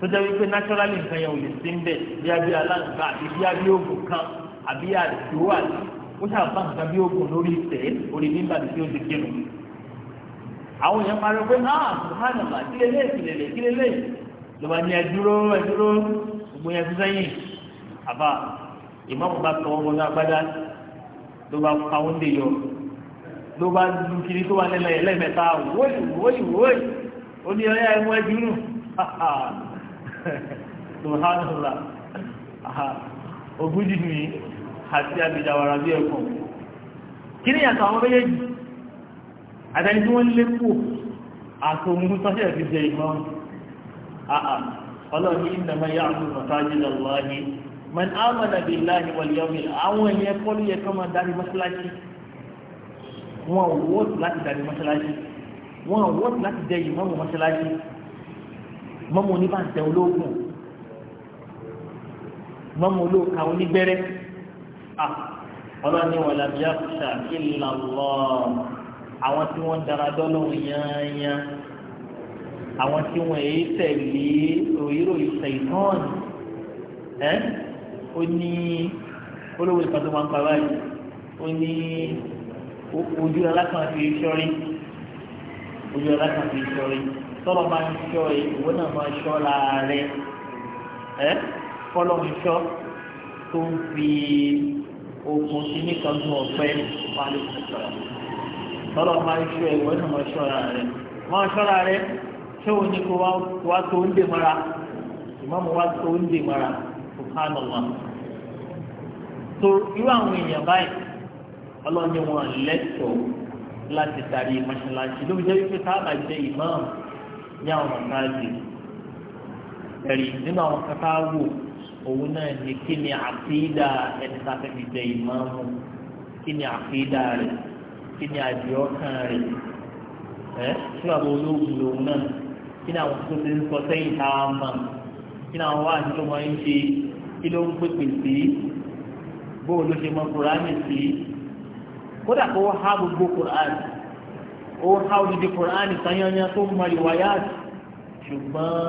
Speaker 1: tó jẹ́ wípé naturally nǹkan yẹn ò lè sí ń bẹ̀ bí abí aláǹgbá àbí bí abí ògùn kan àbí àdìgbò àti ó ṣàbá nǹkan bí ogun lórí ìtẹ́ orí nígbà tí ó ti kírun àwọn èèyàn máa rẹ pé náà sùhánàmà kílé lé kílé lé kílé lé ìjọba ni ẹdúró ẹdúró gbogbo yẹn ti sẹ́yìn àbá ìmọ̀mù bá tọwọ́ bọ́ ní agbádá ló bá pa oúnjẹ yọ ló bá lu kiri tó wà nílẹ̀ lẹ́ẹ̀mẹ́ta wóyì wóyì wóyì ó ní ọyá ẹmu ẹdú nù sùhánàmà ogójì nìyí àti àbìjàwàrà bí ẹkùn kí ní yàtọ̀ àwọn méjèèjì àtẹni tí wọ́n lé kú àtòmùn tọ́sẹ̀ fi jẹ ìmọ̀ àà ọlọ́ni ìnàmà yà àbú masajid allahi man amana billahi wal yawmi àwọn èèyàn kọ́ ló yẹ kọ́ máa darí mọ́sálásí wọn ò wọ́ọ̀tù láti darí mọ́sálásí wọn ọlọ́ni wà lábíyá kùsà ìlà lọ àwọn tí wọ́n dára dọ́lọ́wọ́ yányán àwọn tí wọ́n èyí tẹ̀lé ròyìnròyìn ṣèitọ́ọ̀nì ẹ́ ó ní olówó ìpàdé wọn pa báyìí ó ní ojú alákan fi sọ́rí ojú alákan fi sọ́rí tọ́lọ̀ máa ń sọ ìwọ náà máa sọ láàárẹ̀ ẹ́ fọ́lọ́ ń sọ tó ń fi okùn sí ní kan gun ọ̀pẹ wálé tọ́lọ̀ máa ń ṣe ẹ̀wọ́ náà máa ṣọ́ra rẹ̀ máa ṣọ́ra rẹ̀ ṣé o ní kó wá tó ń dè mọ́ra ìmọ̀mù wá tó ń dè mọ́ra kò ká nà wá. tó irú àwọn èèyàn báyìí ọlọ́ni wọn lẹ́tọ̀ọ́ láti darí mọ́ṣáláṣí ló jẹ́ wípé sábà jẹ́ ìmọ̀ọ́mù ní àwọn mọ̀ṣáláṣí ẹ̀rí nínú àwọn kátà òun náà ní kí ni àkídà ẹni tàbí ìjẹ ìmáàmù kí ni àkídà rẹ̀ kí ni àdìọ́kàn rẹ̀ ẹ́ fúlà bó lóògùn lòun náà kí ni àwọn tó ti ń sọ sẹ́yìn tá a mọ̀ kí ni àwọn wá àti tó máa ń ṣe kí ló ń pèpè sí bóun ló ṣe mọ kùránì sí kódà kó há gbogbo kùránì ó há odidi kùránì sanyanya tó mọ ìwáyà ṣùgbọ́n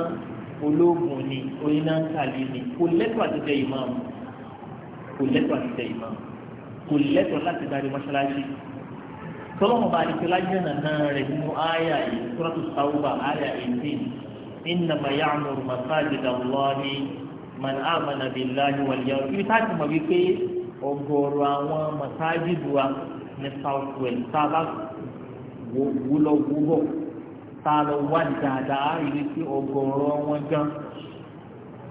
Speaker 1: ológun ni onínáńkàlì ni kò lẹ́tọ̀ àti jẹ ìmáàmù kò lẹ́tọ̀ àti jẹ ìmáàmù kò lẹ́tọ̀ láti darí mọ́ṣáláṣí tọ́lọ́mù bá ní kíláà jẹ́ nàná rẹ̀ nínú àyà yìí Suratu Tawba àyà èyí innama ya'muru masajida Allahi man amana billahi wal yawm ibi táàtì mọ̀ wípé ọgọ́rọ̀ àwọn masáàjì wa ní south west sábà wúlọ̀ wúbọ̀ tá a lọ wá dáadáa á rí i pé ọ̀gọ̀rọ̀ wọn gan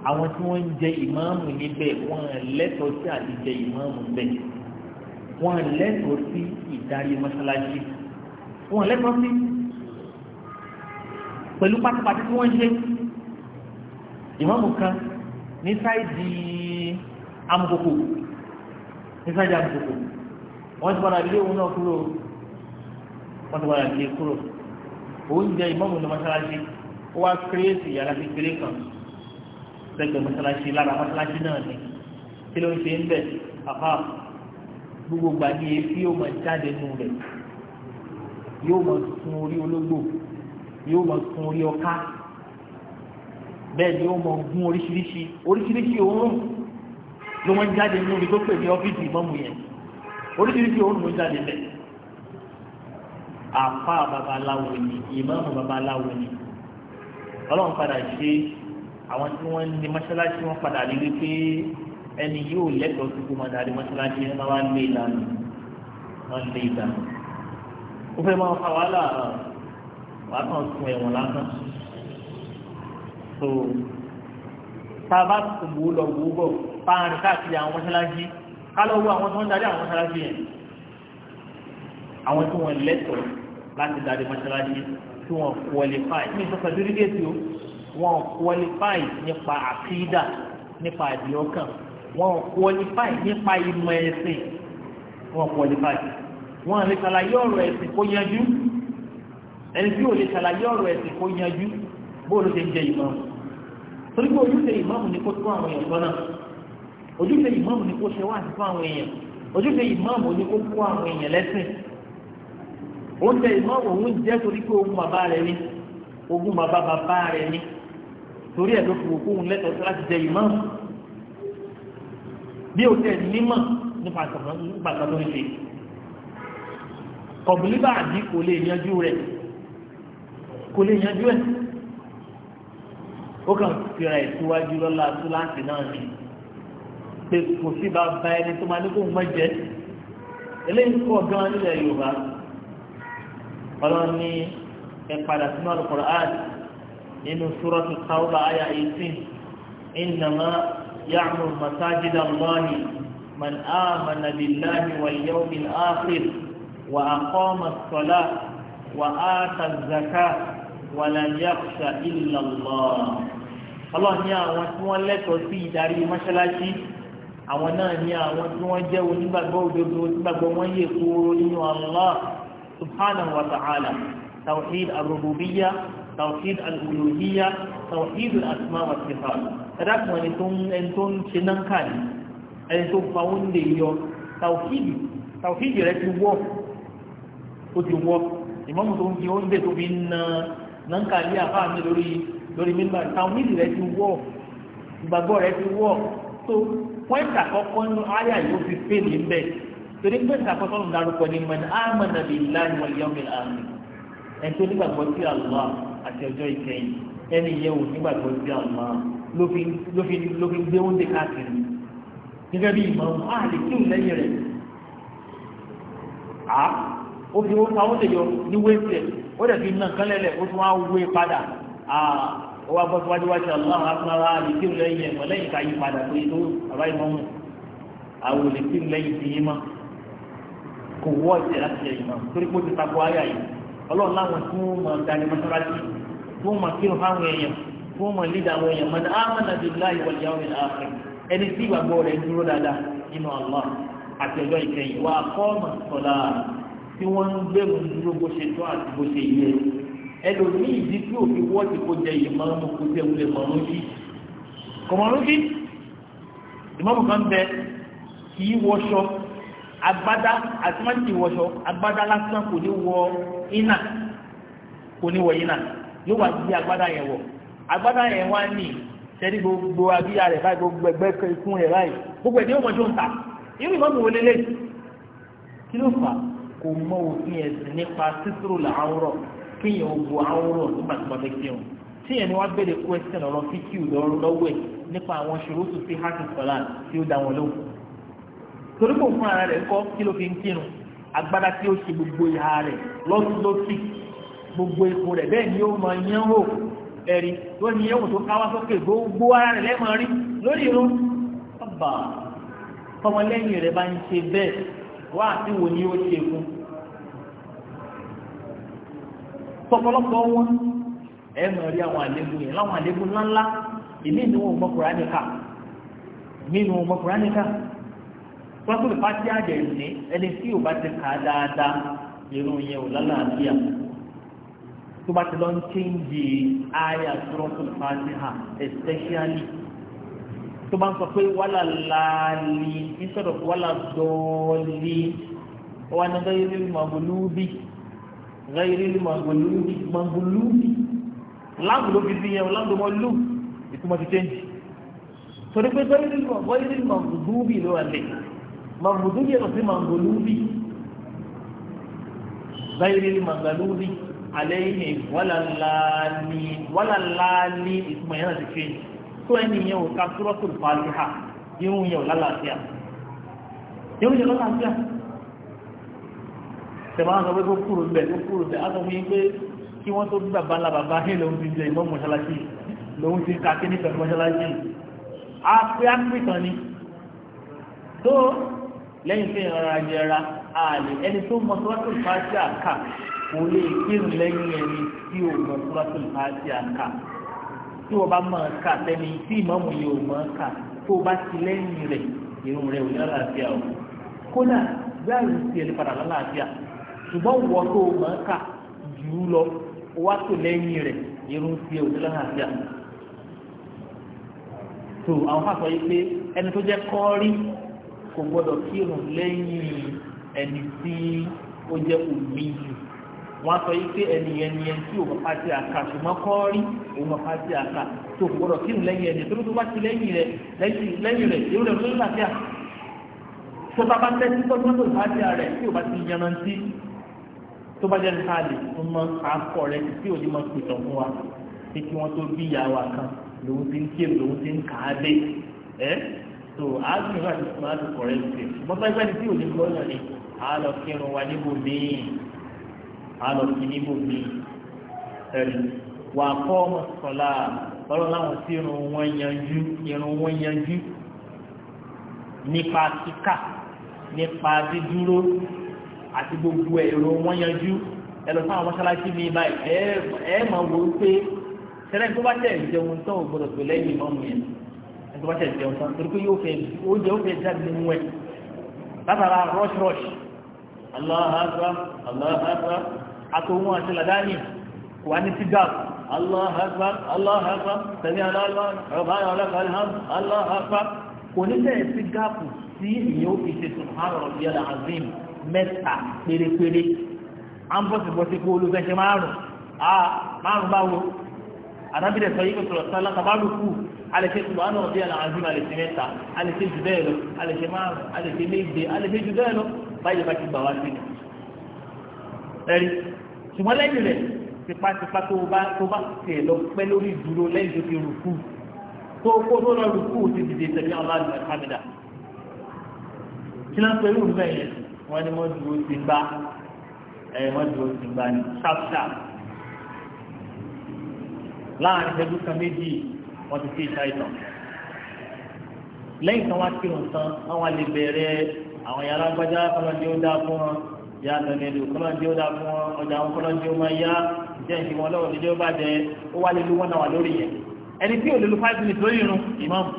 Speaker 1: àwọn tí wọ́n ń jẹ ìmáàmù níbẹ̀ wọ́n lẹ́tọ̀ọ́ sí àdìjẹ ìmáàmù bẹ́ẹ̀ wọ́n lẹ́tọ̀ọ́ sí ìdarí mọ́ṣáláṣí wọ́n lẹ́tọ̀ọ́ sí pẹ̀lú pátápátá tí wọ́n ṣe ìmáàmù kan ní sáìdì amukoko ní sáìdì amukoko wọ́n ti padà lé òun náà kúrò wọ́n ti padà lé kúrò oúnjẹ ìmọ̀mù ní mọ́ṣáláṣí ó wá kírésì yàrá kékeré kan lẹ́gbẹ̀ẹ́ mọ́ṣáláṣí lára mọ́ṣáláṣí náà ni kí ló ń ṣe ń bẹ̀ àpá gbogbo gbà ní efi yóò máa jáde nù rẹ̀ yóò máa sun orí ológbò yóò máa sun orí ọká bẹ́ẹ̀ ni yóò máa gún oríṣiríṣi oríṣiríṣi òórùn ló máa jáde nù rí tó pè ní ọ́fíìsì ìmọ̀mù yẹn oríṣiríṣi òórùn ló jáde bẹ́ẹ̀ àfa babaláwo ni ìmáàmù babaláwo ni ọlọ́run padà ṣe àwọn tí wọ́n ní mọ́ṣáláṣí wọn padà rí wípé ẹni yóò lẹ́tọ̀ọ́ tó kó máa darí mọ́ṣáláṣí ẹni máa wá lé ìlànà wọ́n lé ìlànà ó fẹ́ máa fa wàhálà wàá kàn sun ẹ̀wọ̀n lásán so tá a bá wò lọ wò bọ̀ bá a rìn káàkiri àwọn mọ́ṣáláṣí ká lọ wo àwọn tó ń darí àwọn mọ́ṣáláṣí yẹn àwọn tí wọ́n lẹ́tọ̀ọ́ láti darí mọ́ṣáláṣí tí wọ́n qualify ní sọ certificate o wọ́n qualify nípa àkídà nípa àdìọ́kàn wọ́n qualify nípa ìmọ̀ ẹ̀sìn wọ́n qualify wọ́n lè ṣàlàyé ọ̀rọ̀ ẹ̀sìn kó yanjú ẹni tí ò lè ṣàlàyé ọ̀rọ̀ ẹ̀sìn kó yanjú bóòlù ṣe ń jẹ ìmọ̀ọ́mù torí pé ojúṣe ìmọ̀ọ́mù ni kó tó àwọn èèyàn gbọ́nà ojúṣe ìmọ̀ọ́mù ni kó ṣe wá sí fún àwọn èèyàn ojúṣe ìmọ̀ọ́mù ni kó kó àwọn èèyàn lẹ́sìn oúnjẹ ìmọ̀ òun jẹ́ torí pé ogún bàbá rẹ̀ ni ogún bàbá bàbá rẹ̀ ni torí ẹ̀ ló fi òkú òun lẹ́tọ̀ọ́ láti jẹ ìmọ̀ bí o tẹ̀ nímọ̀ nípa àtàkùn ló ń ṣe kọ̀bùlíbà àdí kò lè yanjú rẹ̀ kò lè yanjú ẹ̀ ó kàn fira ẹ̀ síwájú lọ́la túláǹtì náà ni pé kò sí bá ba ẹni tó máa ní kó ń mọ̀ jẹ́ eléyìí kọ̀ gan nílẹ̀ Yorùbá ọlọ́run ní ẹ padà sínú alukur'an nínú súrọ́tù tàwùbà àyà 18 ìnàmá yàmù masájídà lọ́ọ̀nì من آمن بالله واليوم الآخر وأقام الصلاة وآتى الزكاة ولن يخش إلا الله Allah ní àwọn tí wọ́n lẹ́tọ̀ọ́ sí ìdarí mọ́ṣáláṣí àwọn náà ní àwọn tí wọ́n jẹ́ onígbàgbọ́ òdodo onígbàgbọ́ wọn yè kúrò nínú Allah سبحانه وتعالى توحيد الربوبية توحيد الألوهية توحيد الأسماء والصفات ذاك من تون انتون شنن كان انتون فاوندي يو توحيد توحيد رتي وو ودي وو imam tó ń di oúnjẹ tó fi ń nan kàlí àfáà mi lórí lórí mímọ tàwíìlì rẹ ti wọ ìgbàgbọ́ rẹ ti wọ tó pọ́ńtà kọ́kọ́ nínú áyà yóò fi fèlè ń bẹ̀ torí pé ìsàkóso ọ̀run darúkọ ni mọ̀ ní amana billahi wal yawmil akhir ẹni tó nígbàgbọ́ sí Allah àti ọjọ́ ìkẹyìn ẹni yẹn ò nígbàgbọ́ sí Allah ló fi ló fi gbé oúnjẹ káàkiri gẹ́gẹ́ bí ìmọ̀ ọ̀hún á ah, lè kí òun lẹ́yìn rẹ̀ á ó fi ó ta ó lè yọ ní wéṣẹ̀ ó dẹ̀ fi nà kánlẹ̀lẹ̀ ó tún wá wé e padà á ó wá bọ́ síwájú wájú aláwọ̀ afúnára lè kí òun kò wọ́ ìṣẹ̀ láti ṣe ìmọ̀ torí pé ó ti takò ayà yìí ọlọ́run láwọn tí wọ́n mọ̀ dání mọ́ṣáláṣí tí wọ́n mọ̀ kírun fáwọn èèyàn tí wọ́n mọ̀ lídà àwọn èèyàn mọ̀dá ámàna billahi wal yawmil akhir ẹni tí ìgbàgbọ́ rẹ̀ dúró dáadáa nínú Allah àti ọjọ́ ìkẹyìn wà kọ́ọ̀mù sọ̀lá tí wọ́n ń gbẹ̀rù dúró bó ṣe tó àti bó ṣe yẹ ẹlòmíì ìdí tí òfin wọ́ọ̀tì kó jẹ ìmọ̀ọ́mù kó jẹ wulẹ̀ mọ̀ọ́rúnjì kọ̀mọ̀ọ́rúnjì ìmọ̀ọ́mù kan bẹ kì í wọṣọ agbádá àti má ti wọṣọ agbádá lásán kò ní wọ ina kò ní wọ iná yóò wá gbé agbádá yẹn wọ agbádá yẹn wá ní sẹ́ni gbogbo abíyá rẹ̀ báyìí gbogbo ẹgbẹ́ ikún rẹ̀ báyìí gbogbo ẹ̀ ní ọmọ tó ń ta irú ìmọ̀ mi wọlé lé kí ló fà kò mọ òfin ẹ̀sìn nípa sísúrò làárọ̀ kéèyàn ó bo àárọ̀ nígbà tó bá fẹ́ kí wọn tíyẹn ni wọ́n bẹ̀rẹ̀ question ọ̀rọ̀ fíkì lọ́wọ́ ẹ̀ nípa àwọn ṣòro tó fi hákì sọ̀lá tí torí kò fún ara rẹ̀ kọ́ kí ló fi ń kírun agbára tí ó ṣe gbogbo ìhà rẹ̀ lọ́sílọ́sì gbogbo ipò rẹ̀ bẹ́ẹ̀ ni ó mọ yán hò ẹ̀rí tó ní yẹ́wò tó káwá sókè gbogbo ara rẹ̀ lẹ́mọ̀ rí lórí irun ọba tọmọlẹ́yìn rẹ̀ bá ń ṣe bẹ́ẹ̀ wá àti wò ni ó ṣe fún tọpọlọpọ wọn ẹ mọ̀ rí àwọn àlébù yẹn láwọn àlébù ńláńlá ìmí ni wọn ò mọ kùránìkà ìmí ni wọn ò mọ kùránìkà sọ́tòlù pàtí àjẹ́ ìní ẹni tí ò bá ti kà á dáadáa irú yẹn ò lálàáfíà tó bá ti lọ ń chéńjì àyà sọ́tòlù pàtí hà especially tó bá ń sọ pé wàlà láàlì instead of wàlà dọ́ọ̀lì wà ní gẹ́gẹ́rì màgbólúbì gẹ́gẹ́rì màgbólúbì màgbólúbì láàbù ló fi yẹn láàbù mọ́ lù ìtumọ̀ ti chéńjì torí pé gẹ́gẹ́rì màgbólúbì ló wà lẹ́yìn mangudu yẹn sí mangolúbi báyìí mangolúbi àlẹ́yìn wàlàláàlì wàlàláàlì ìtumọ̀ yẹn láti ṣe tó ẹni yẹn ò ká túrọ́tù fàlíhà irun yẹn ò lálàáfíà irun yẹn lálàáfíà tẹ̀wọ́n àwọn ọmọ kúrò bẹ̀ tó kúrò bẹ̀ àwọn ọmọ yẹn pé kí wọ́n tó gbà bá labàbá hẹ́ lòun ti jẹ ìmọ̀ mọ̀ṣáláṣí lòun ti ka kí ní pẹ̀lú mọ̀ṣáláṣí pé á pè tán ni lẹ́yìn tí ìrora jẹra ààlè ẹni tó mọ sọ́tún pàṣẹ àkà kò lè kírun lẹ́yìn ẹni tí ò mọ sọ́tún pàṣẹ àkà tí wọ́n bá mọ̀ ọ́n kà tẹ́ni tí ìmọ̀mù yìí ò mọ̀ ọ́n kà tó bá ti lẹ́yìn rẹ̀ irun rẹ̀ ò ní àlàáfíà o kódà gbáàrú sí ẹni padà lálàáfíà ṣùgbọ́n wọ́ tó mọ̀ ọ́n kà jù ú lọ wá tó lẹ́yìn rẹ̀ irun sí ò ní àlàáfíà tó àwọn fàṣọ yìí pé ẹni tó jẹ́ kọ́ọ́rí kò gbọ́dọ̀ kírun lẹ́yìn ẹni tí ó jẹ́ omi yìí wọ́n sọ yìí pé ẹni yẹn ni ẹni tí òun bá ti àká ṣùgbọ́n kọ́ rí òun bá ti àká tó kò gbọ́dọ̀ kírun lẹ́yìn ẹni tó tó bá ti lẹ́yìn rẹ̀ lẹ́yìn rẹ̀ èrò rẹ̀ lórí làbíà tó bá bá tẹ́tí tó tó bá ti rẹ̀ tí ò bá ti yanrantí tó bá jẹ́ nípa lè fún mọ́ akọ rẹ̀ tí ò ní mọ́ pìtàn fún wa pé kí wọ́n tó bí ìyá wa kan lòun ti ń kí so àádùn ìwà àti ìfúnra ti kọ̀rẹ́ ṣe ṣùgbọ́n bá ìgbà tí òní kọ́ náà ni àálọ̀ kírun wa níbò míì àálọ̀ kí níbò míì ẹ̀rí wà kọ́ ọmọ sọ̀la ọlọ́run láwọn tí irun wọn yanjú irun wọn yanjú nípa kíkà nípa dídúró àti gbogbo ẹ̀rọ wọn yanjú ẹ lọ sáwọn mọ́ṣáláṣí mi báyìí ẹ ẹ máa wò ó pé tẹ́lẹ̀ tó bá tẹ̀ jẹun tó gbọdọ̀ tó lẹ́yìn mọ́mú yẹn tó bá ṣe jẹun tán torí pé yóò fẹ́ oúnjẹ ó fẹ́ jáde nínú ẹ̀ látara rush rush Allahu Akbar Allahu Akbar àtòwọn àti làdáni kò wá ní sí gáàpù Allahu Akbar Allahu Akbar tẹ̀lé aláàlá ọ̀bá ọ̀lọ́kọ̀ alham Allahu Akbar kò ní bẹ́ẹ̀ sí gáàpù tí èyí ó fi ṣe subhana rabbiyal azim mẹ́ta pérépéré à ń bọ́sibọ́sí kó olùfẹ́ṣẹ́ márùn-ún márùn-ún báwo àdábìrẹ̀ sọ yí alẹ́ṣe subahana ọ̀bí alàzim alẹ́ṣe mẹ́ta alẹ́ṣe jù bẹ́ẹ̀ lọ alẹ́ṣe márùn alẹ́ṣe méje alẹ́ṣe jù bẹ́ẹ̀ lọ báyìí bá ti gbà wá sí i. ẹ̀rí ṣùgbọ́n lẹ́yìn rẹ̀ tipátipá tó bá tó bá tẹ̀ lọ pẹ́ lórí ìdúró lẹ́yìn tó ti rùkú tó kó tó lọ rùkú ti dìde tẹ̀lé ọ̀la àdùnnà kámẹ́dà. kí ló ń yẹn wọ́n ní wọ́n dúró ti gbá wọ́n dúró ti gbá ní ṣáfṣáf láàrin ìṣẹ́jú kan méjì wọ́n ti sí ìṣá ìtàn lẹ́yìn tí wọ́n ti rùn tán àwọn lè bẹ̀rẹ̀ àwọn yàrá gbájá kọ́lọ́dé ó dáa fún wọn yà tẹ̀lé lò kọ́lọ́dé ó dáa fún wọn ọjà àwọn kọ́lọ́dé ó máa yá jẹ́ ìṣìn wọn lọ́wọ́ nílé ó bá jẹ ó wá lè lu wọn náà wà lórí yẹn ẹni tí ò lè lu five minutes lórí irun ìmáàmù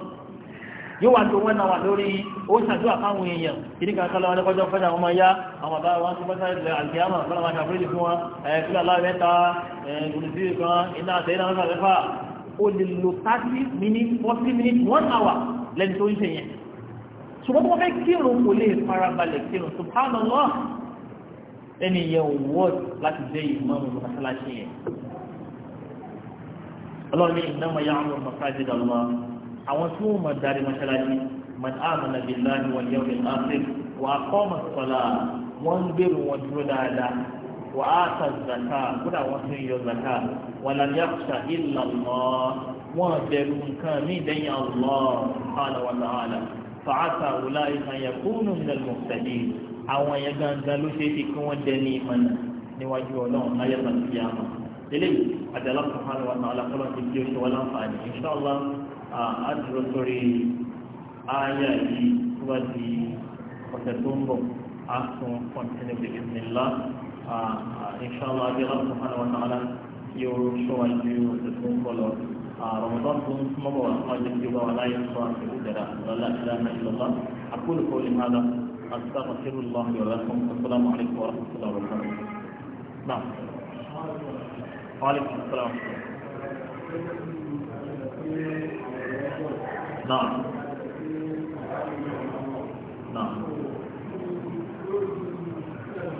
Speaker 1: yóò wá tó wọ́n náwà lórí ó ṣàdúrà fáwọn èèyàn kìí kan kọ́lọ́wọ́ lẹ́kọ́jọ́ fẹ́jà wọn máa yá àwọn bá wọn tó fẹ́jà ilẹ̀ alkiyama fọ́nà wọn ṣàfihàn fún wọn ẹ̀ẹ́dúrà o lè lo thirty minutes forty minutes one hour lẹ́ni tó ń ṣe yẹn ṣùgbọ́n wọ́n fẹ́ kírun kò lè farabalẹ̀ kírun subhanallah ẹni yẹn wọ́ọ̀d láti jẹ́ ìmọ̀ọ́mù mọ́sálásí yẹn ọlọ́run ní ìnáwó ya àwọn masajid Allah àwọn tí wọ́n máa darí mọ́sálásí man amana billahi wal yawmil akhir wa aqama as-salah wọ́n ń gbèrò wọn dúró dáadáa wà á ta zaka kódà wọ́n ti yọ zaka wàlá yàtọ̀ illa Allah wọ́n bẹ̀rù nǹkan mí lẹ́yìn Allah subhanahu wa ta'ala fàáta ulaika yakunu minal muhtadin àwọn yẹn gangan ló ṣe é ti kí wọ́n dẹ ní ìmọ̀nà níwájú ọlọ́run láyé pàtàkì àmọ́ eléyìí àdàlà subhanahu wa ta'ala kọ́lọ́ ti di oṣù wọlé àǹfààní inshallah àdúró sórí ayé yìí tó bá di ọ̀sẹ̀ tó ń bọ̀ á tún kọ́ńtínú bìbí nílá. inshallah bí Allah subhanahu wa ta'ala yóò ṣọ́wà ju ẹ̀sùn kọlọ رمضان كون مضى قد يجب ولا يحصى في الجراء ولا اله الا الله اقول قولي هذا استغفر الله ولكم السلام عليكم ورحمه الله وبركاته
Speaker 2: نعم وعليكم السلام نعم نعم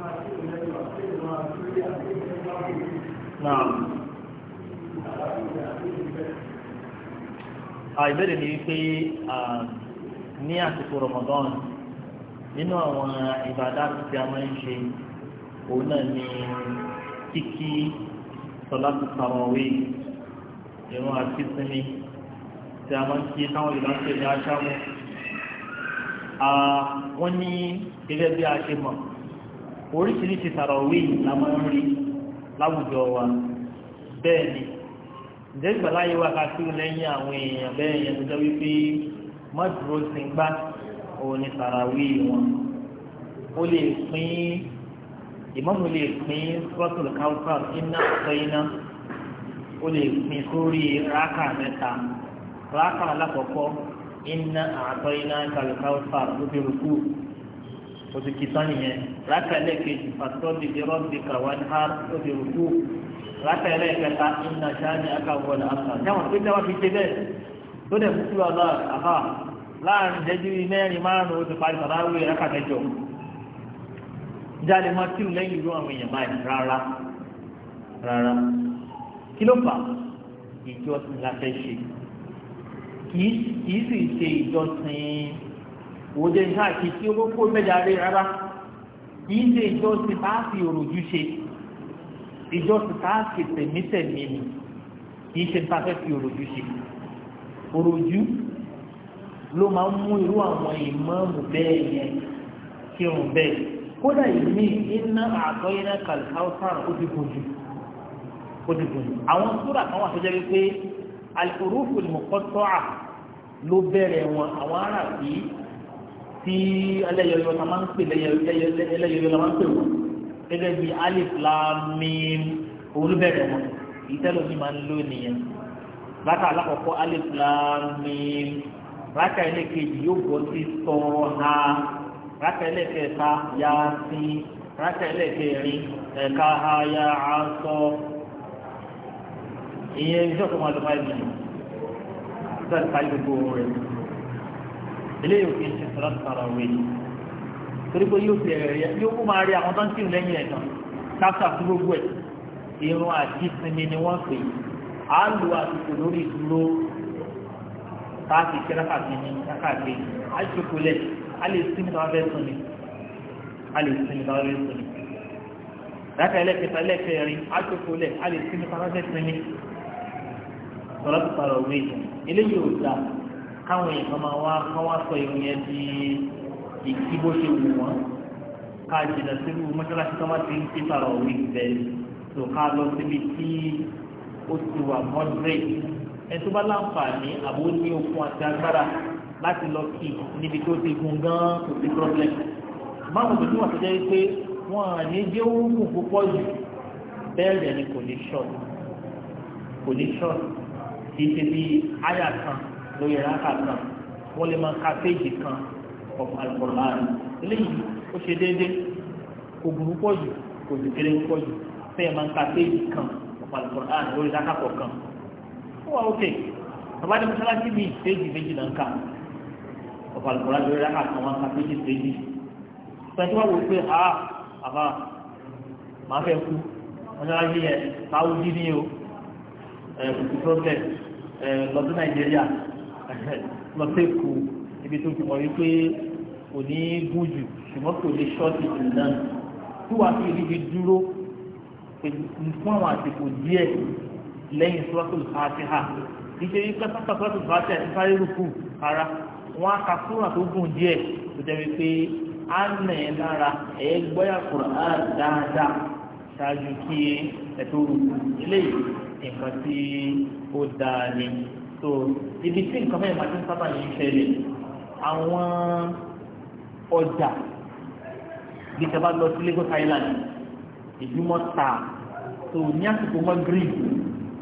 Speaker 2: àìbẹ̀rẹ̀
Speaker 1: ah, ni wípé ní àsìkò Ramadan nínú àwọn ìbàdá tí a máa ń ṣe òun náà ni kíkí sọláàtì sàrọ̀wé ìrún àti sinmi tí a máa ń kí táwọn ìlú àti ìlú aṣáájú. wọ́n ní gẹ́gẹ́ bí a ṣe mọ̀ oríṣiríṣi tàràwí làwọn ń rí láwùjọ wa bẹ́ẹ̀ ni ǹjẹ́ ìgbàláyé wa ká sí lẹ́yìn àwọn èèyàn bẹ́ẹ̀ yẹn tó jẹ́ wípé mọ́dúró sí gbá òun ni tàràwí wọn ó lè pín ìmọ̀mù lè pín sọ́tò káwùkà iná ọ̀tọ́ iná ó lè pín sórí ráàkà mẹ́ta ráàkà alákọ̀ọ́kọ́ iná àtọ́ iná kàlùkà ọ̀tọ́ àti oṣù kìtàn nìyẹn rákàlẹ̀ kejì pàtọ́bì di rọ́bì kàwọn har ó di rúkú rákàlẹ̀ kẹta iná sáni akáwọlẹ̀ àkà dáwọn pé dáwọn fi ṣe bẹ́ẹ̀ tó dẹ̀ mú síwá lọ àhà láàrin ìdẹ́jú mẹ́rin márùn-ún ó ti parí sàráwé rákàtẹ́jọ jáde máa kírun lẹ́yìn ìlú àwọn èèyàn báyìí rárá rárá kí ló fà ìjọsìn la fẹ́ ṣe kì í sì ṣe ìjọsìn òde ìhà àti tí ó kó mẹ́jáde rárá kìí ṣe ìjọsìn bá fi òròjú ṣe ìjọsìn bá fi tẹ̀mítẹ̀mí ni kìí ṣe bá fẹ́ fi òròjú ṣe òròjú ló máa ń mú irú àwọn ìmáàmù bẹ́ẹ̀ yẹn kírun bẹ́ẹ̀ kódà ìmí iná àtọ́ iná kàlùkáùsàn ó ti gùn ó ti gùn àwọn súrà kan wà tó jẹ́ wípé alùpùrùfù ni mo ló bẹ̀rẹ̀ wọn àwọn aráàlú tí ẹlẹ́yọyọ la máa ń pè ẹlẹ́yọyọ la máa ń pè wọ́n gẹ́gẹ́ bí alif lam mim olúbẹ̀rẹ̀ wọn ìtẹ́lẹ̀ mi máa ń lò nìyẹn rákà alákọ̀ọ́kọ́ alif lam mim rákà ẹlẹ́kejì yóò bọ́ sí sọ́ọ̀nà rákà ẹlẹ́kẹta yá sí rákà ẹlẹ́kẹrin ẹ̀ka ha yá á sọ ìyẹn iṣẹ́ ọ̀tọ̀ máa lọ máa ń bì eléyìí ò kí n ṣe sọ̀rọ̀ sọ̀rọ̀ wẹ̀ torí pé yóò fi ẹ̀rẹ̀ yóò kó máa rí àwọn tó ń kírun lẹ́yìn ẹ̀ náà káfíà tó gbogbo ẹ̀ irun àti sinmi ni wọ́n pè á lo àsìkò lórí ìdúró táàkì kẹ́lákà kìíní kákà kejì á ṣòkò lẹ̀ á lè sinmi náà fẹ́ sùn ni á lè sinmi náà fẹ́ sùn ni dákà ẹlẹ́kẹta ẹlẹ́kẹrin á ṣòkò lẹ̀ á lè sinmi náà fẹ́ sinmi sọ̀rọ̀ sọ̀rọ̀ wẹ̀ káwọn èèyàn máa wá kán wá sọ ìròyìn ẹ di ìkí bó ṣe wù wọ́n ká jìnnà sílùú mọ́ṣáláṣí tó máa ti ń ṣe tààrà òwe ìfẹ́ tó ká lọ síbi tí ó ti wà mọ́dúrẹ́tì ẹ tó bá láǹfààní àbó ní okun àti agbára láti lọ kí níbi tó ti gun gan kò sí problem máwọn òbí wà tó pé wọ́n à ní jẹ́ oògùn púpọ̀ jù bẹ́ẹ̀ rẹ̀ ni kò ní ṣọ́ọ̀tì kò ní ṣọ́ọ̀tì kì í ṣe bí áyà kan lórí rákà kan wọ́n lè máa ka péjì kan ọ̀pọ̀ Al-Qur'an eléyìí ó ṣe déédé kò burú pọ̀ jù kò sì kéré pọ̀ jù fẹ́ẹ̀ máa ka péjì kan ọ̀pọ̀ Al-Qur'an lórí rákà kọ̀ọ̀kan ó wà ókè bàbá ní mọ́sálásí mi péjì méjì náà ń kà ọ̀pọ̀ Al-Qur'an lórí rákà kan wọ́n ka péjì péjì pẹ̀lú wà wò pé a àbá máa fẹ́ kú mọ́sálásí yẹn táwọn jí ní o ẹ̀ kò sí protest lọ́dún Nàìjíríà lọ sẹ́kù ibi tó ti mọ̀ wípé kò ní gùn jù ṣùgbọ́n kò lè ṣọ́ọ̀tì jù náà tí wàá fi ibi dúró fún àwọn àsìkò díẹ̀ lẹ́yìn sọ́tòlù fàtíhà ìṣe yìí pẹ́sọ́tò sọ́tòlù fàtíhà ń sáré rúkú ara wọn aka súnà tó gùn díẹ̀ tó jẹ́ wípé á nà ẹ́ lára ẹ̀ gbọ́yà kùrọ̀ á dáadáa ṣáájú kí ẹ̀ tó rúkú eléyìí nǹkan tí ó dáa ni so ibi tí nǹkan mẹ́rin máa ti ń sábà yìí ṣẹlẹ̀ àwọn ọjà bí kẹ́ bá lọ sí Lagos Island ìdúmọ̀ta so ní àsìkò Magrib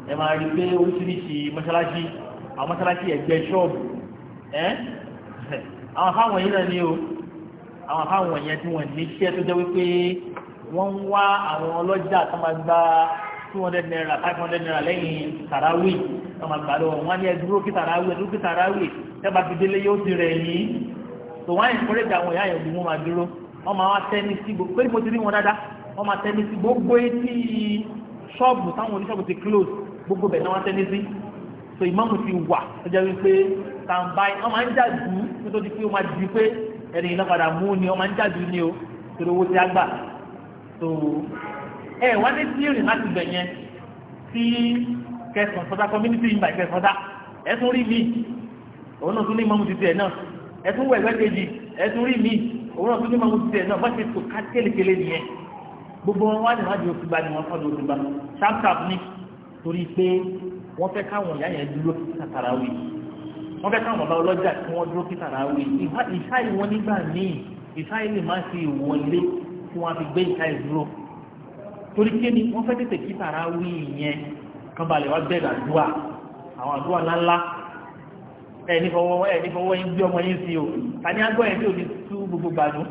Speaker 1: ẹ máa rí pé oríṣiríṣi mọ́ṣáláṣí àwọn mọ́ṣáláṣí ẹ̀gbẹ́ ṣọ́ọ̀bù ẹ́ àwọn fáwọn yìí náà ni o àwọn fáwọn yẹn tí wọ́n ní iṣẹ́ tó jẹ́ wípé wọ́n ń wá àwọn ọlọ́jà tó máa gba two hundred naira five hundred naira lẹ́yìn tarawih ọmọ àgbàdo wọn ní ẹdúró kítàráwì ẹdúró kítàráwì tẹ́bà ti délé yóò ti rẹ̀ yìí tó wọ́n yẹn kúrẹ́jà àwọn ìyá yẹn ògùn máa dúró wọ́n máa wá tẹ́ni sí gbogbo pé mo ti rí wọn dáadáa wọ́n máa tẹ́ni sí gbogbo etí ṣọ́ọ̀bù táwọn oníṣọ́ọ̀bù ti close gbogbo bẹ̀ náà wọ́n tẹ́ni sí so ìmáàmù ti wà ó jẹ́ wípé tàǹbáì wọ́n máa ń jàdú nítorí pé ó máa di pé ẹni iná padà mú ni wọ́n máa ń jàdú ni o torí owó ti á gbà so ẹ wá ní tíìrì láti bẹ̀ tí kẹsàn sọdá community yìí báyìí kẹsàn sọdá ẹtún rí mi òun náà tún ní mọ́mú títí ẹ̀ náà ẹtún wọ ẹgbẹ́ kejì ẹtún rí mi òun náà tún ní mọ́mú títí ẹ̀ náà bọ́sẹ̀ tó ká kélékélé nìyẹn gbogbo wọn wá níwájú òtúgba ni wọn fọdù òtúgba sáfsáf ní torí pé wọn fẹ́ káwọn ìyá yẹn dúró kí sàtàrà wì wọn fẹ́ káwọn ọba ọlọ́jà kí wọn dúró kí sàtàrà wì ìfá ìwọ nígbà míì ìfá ìlè máa fi ìwọ ilé tí wọn fi gbé ìfá ìdúró torí kéde wọn fẹ́ tètè kí sàtàrà wì yẹn kan balẹ̀ wá bẹ̀rẹ̀ àdúrà àwọn àdúrà ńláńlá ẹ̀ nífọwọ́ ẹ̀ nífọwọ́ yín bí ọmọ yín sí o ta ní agbọ́ yẹn tí ò ní tú gbogbo gbàdú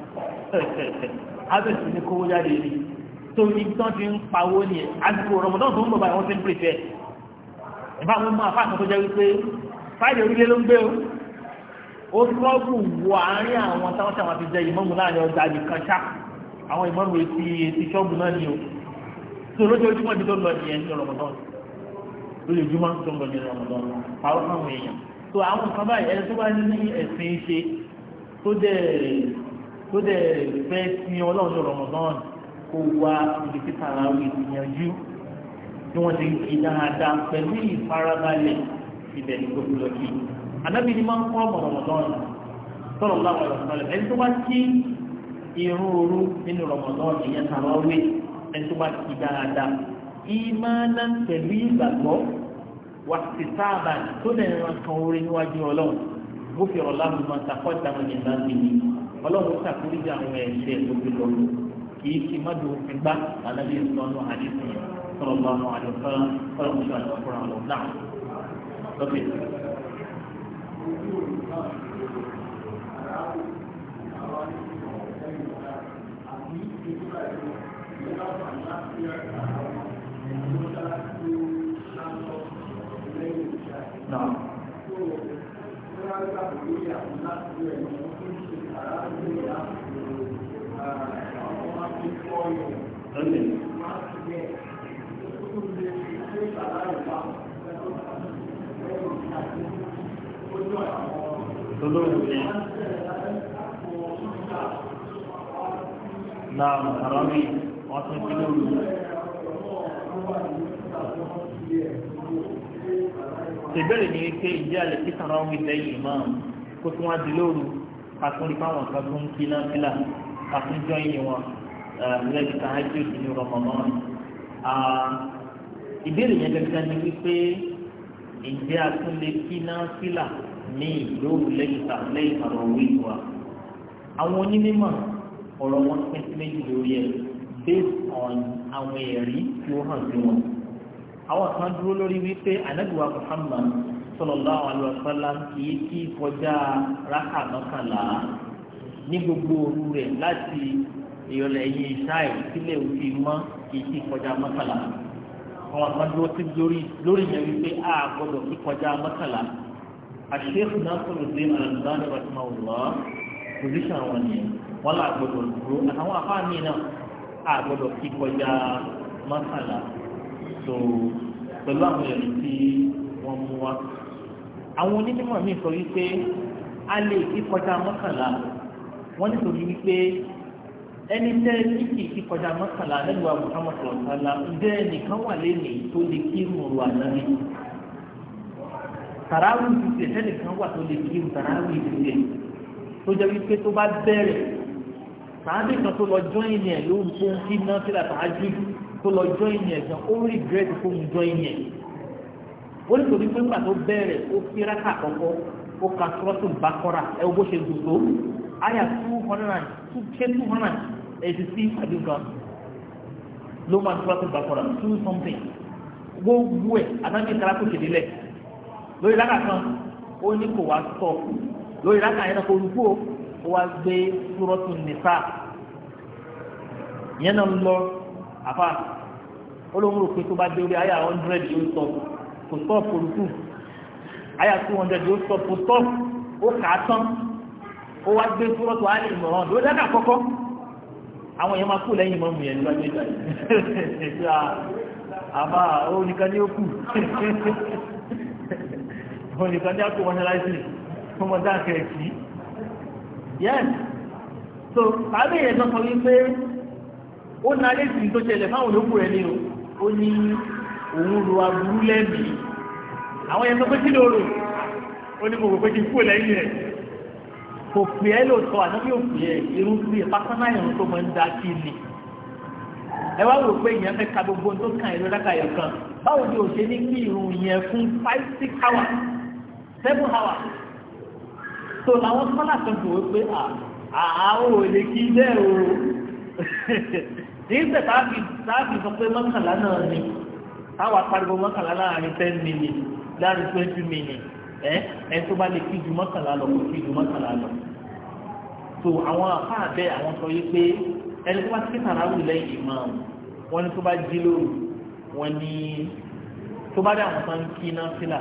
Speaker 1: ábẹ̀sì ní kówó jáde rí to ní tán ti ń pawó ni àsìkò rọmọdán tó ń bọ̀ báyìí wọ́n ti ń pèsè ẹ̀ bá wọn mú àfáà kan tó jẹ́ wípé fáìlì orílẹ̀ ló ń gbé o ó tọ́gù wọ àárín àwọn táwọn táwọn ti jẹ ìmọ̀mù láàrin ọjà nìkan ṣá àwọn ìmọ̀mù etí etí ṣọ́ọ̀bù náà ni o tó lójoojúmọ́ ibi tó lọ nìyẹn ní ọ̀rọ̀mọ̀tán lójoojúmọ́ tó ń bọ̀ nínú ọmọdọ́ àwọn fáwọn èèyàn tó àwọn nǹkan báyìí ẹni tó bá ní ẹ̀sìn ṣe tó dẹ̀ tó dẹ̀ fẹ́ sin ọlọ́run ní ọmọdọ́n kó wá ibi tí tàràwì ìyànjú tí wọ́n ti ń kí dáadáa pẹ̀lú ìfarabalẹ̀ ibẹ̀ ní gbogbo lọ sí anábì ni máa ń kọ́ ọmọ ọmọdọ́n tọ́lọ̀ láwọn ọ̀rọ̀ ẹni tó bá kí irun òru nínú ọmọdọ́n ìyẹn wàtísáàbà tó lè ran kan orí níwájú ọlọ́run bó fi ọ̀la mi máa sàkọ́jà wọn yẹn láti ní ọlọ́run sàkúrìjà àwọn ẹ̀ṣẹ̀ tó fi lọ kì í fi má dùn òfin gbá àlàyé ìsọnù àdéhùn sọ̀rọ̀ bá wọn àdéhùn sọ̀rọ̀ mú sọ̀rọ̀ fúnra lọ náà lọ́kẹ́.
Speaker 2: Thank you náà. Naam, harami,
Speaker 1: wọ́n ti fi lóru ìbéèrè ni wípé ìjẹ́ alẹ́ tí sàrán wí lẹ́yìn imam kó tí wọ́n di lóru àtúndì fáwọn kan tó ń kí náà fílà àtúndì ọyìn wọn lẹ́yìn tàájú ìdílé Ramadan. ìbéèrè yẹn gẹ́gẹ́ ni wípé ìjẹ́ àtúndì kí náà fílà ní lóru lẹ́yìn sàrán wí wa. àwọn onímọ̀ ọ̀rọ̀ wọn pín sí méjì lórí ẹ̀ based on àwọn ẹ̀rí tí ó hàn sí wọn àwọn kan dúró lórí wípé anabiwa muhammad sallallahu alaihi wasallam kì í kí kọjá rákà mọ́kànlá ní gbogbo òru rẹ̀ láti ìrọ̀lẹ́ yìí ṣáì sílẹ̀ òfin mọ́ kì í kí kọjá mọ́kànlá àwọn kan dúró sí lórí lórí yẹn wípé a gbọ́dọ̀ kí kọjá mọ́kànlá àṣeyẹ́kù náà sọ̀rọ̀ dé alàǹdáni rahman allah position wọn ni wọn là gbọ́dọ̀ dúró àtàwọn afáàmì náà a gbọ́dọ̀ kí kọjá mọ́kànlá so pẹ̀lú àwọn ẹ̀rí tí wọ́n mú wá. àwọn onímọ̀ mi sọ wípé a lè kí kọjá mọ́kànlá wọ́n nítorí wípé ẹni tẹ́ ní kì í kí kọjá mọ́kànlá lẹ́nu àbùkámọ̀ sọ̀rọ̀ sálá ǹjẹ́ nìkan wà lẹ́nu tó lè kí ìrùn rò àdáni. tàràwì ìdílé sẹ́nìkan wà tó lè kí ìrùn tàràwì ìdílé tó jẹ́ wípé tó bá bẹ̀rẹ̀ sàábì kan tó lọ jọ́ìn yẹn ló ń pọ́n kí náà sílẹ̀ tàájú tó lọ jọ́ìn yẹn gan ó rí gírẹ́dì fún un jọ́ìn yẹn ó ní tòbí pé nígbà tó bẹ̀rẹ̀ ó fi rákà kọ́kọ́ ó ka sọ́ọ́tù bá kọ́ra ẹ bó ṣe dùn àyà two hundred and two ṣe two hundred and eighty six àdúgbò ló máa sọ́ọ́tù bá kọ́ra two something gbogbo ẹ̀ àtàkì ìtàlákù ṣèdílẹ̀ lórí rákà kan ó ní kò wá sọ lórí rákà yẹn náà kò rúkú o ó wá gbé súrọ́tù nìfà yẹn náà ń lọ àfà olóhùn rò pé tó bá dé orí àyà hundred yóò sọ kò stop olùkù àyà two hundred yóò sọ kò stop ó kà á tán ó wá gbé súrọ́tù alẹ́ ìmọ̀ràn ló dáná àkọ́kọ́ àwọn èèyàn máa kú lẹ́yìn mọ́mù yẹn lọ́jọ́ ìgbà yìí àbá oníkan ní ó kù oníkan ní àkọ́kọ́ wọn ṣe láìsí ọmọdé àkẹ́ẹ̀kì. yes so tàbí ìyẹn ihe wípé ó na létí tó ṣẹlẹ̀ fáwọn olókù rẹ̀ ni ó ní òun ro aburú lẹ́mìí àwọn yẹn sọ pé kí ló rò ó ní mo rò pé kí n kú lẹ́yìn rẹ̀ kò pè é lóòótọ́ ìrún tó máa ń da kí ni ẹ wá wò pé ka gbogbo tó kàn ìlú kan báwo ni o ṣe ní kí irun yẹn fún five tó làwọn sọ́là kan tó wọ́n pé àwọn ò lè kí bẹ́ẹ̀ o èyí tẹ̀ táàbì sọ pé mọ́kànlá náà ni táwa pariwo mọ́kànlá láàrin ten minutes láàrin twenty minutes ẹ ẹ tó bá lè kí ju mọ́kànlá lọ kó kí ju mọ́kànlá lọ so àwọn afáà bẹ àwọn sọ yìí pé ẹni tó bá ti tàrà wù lẹ́yìn imam wọn ni tó bá jí lóru wọn ni tó bá dé àwọn kan kí náà sílà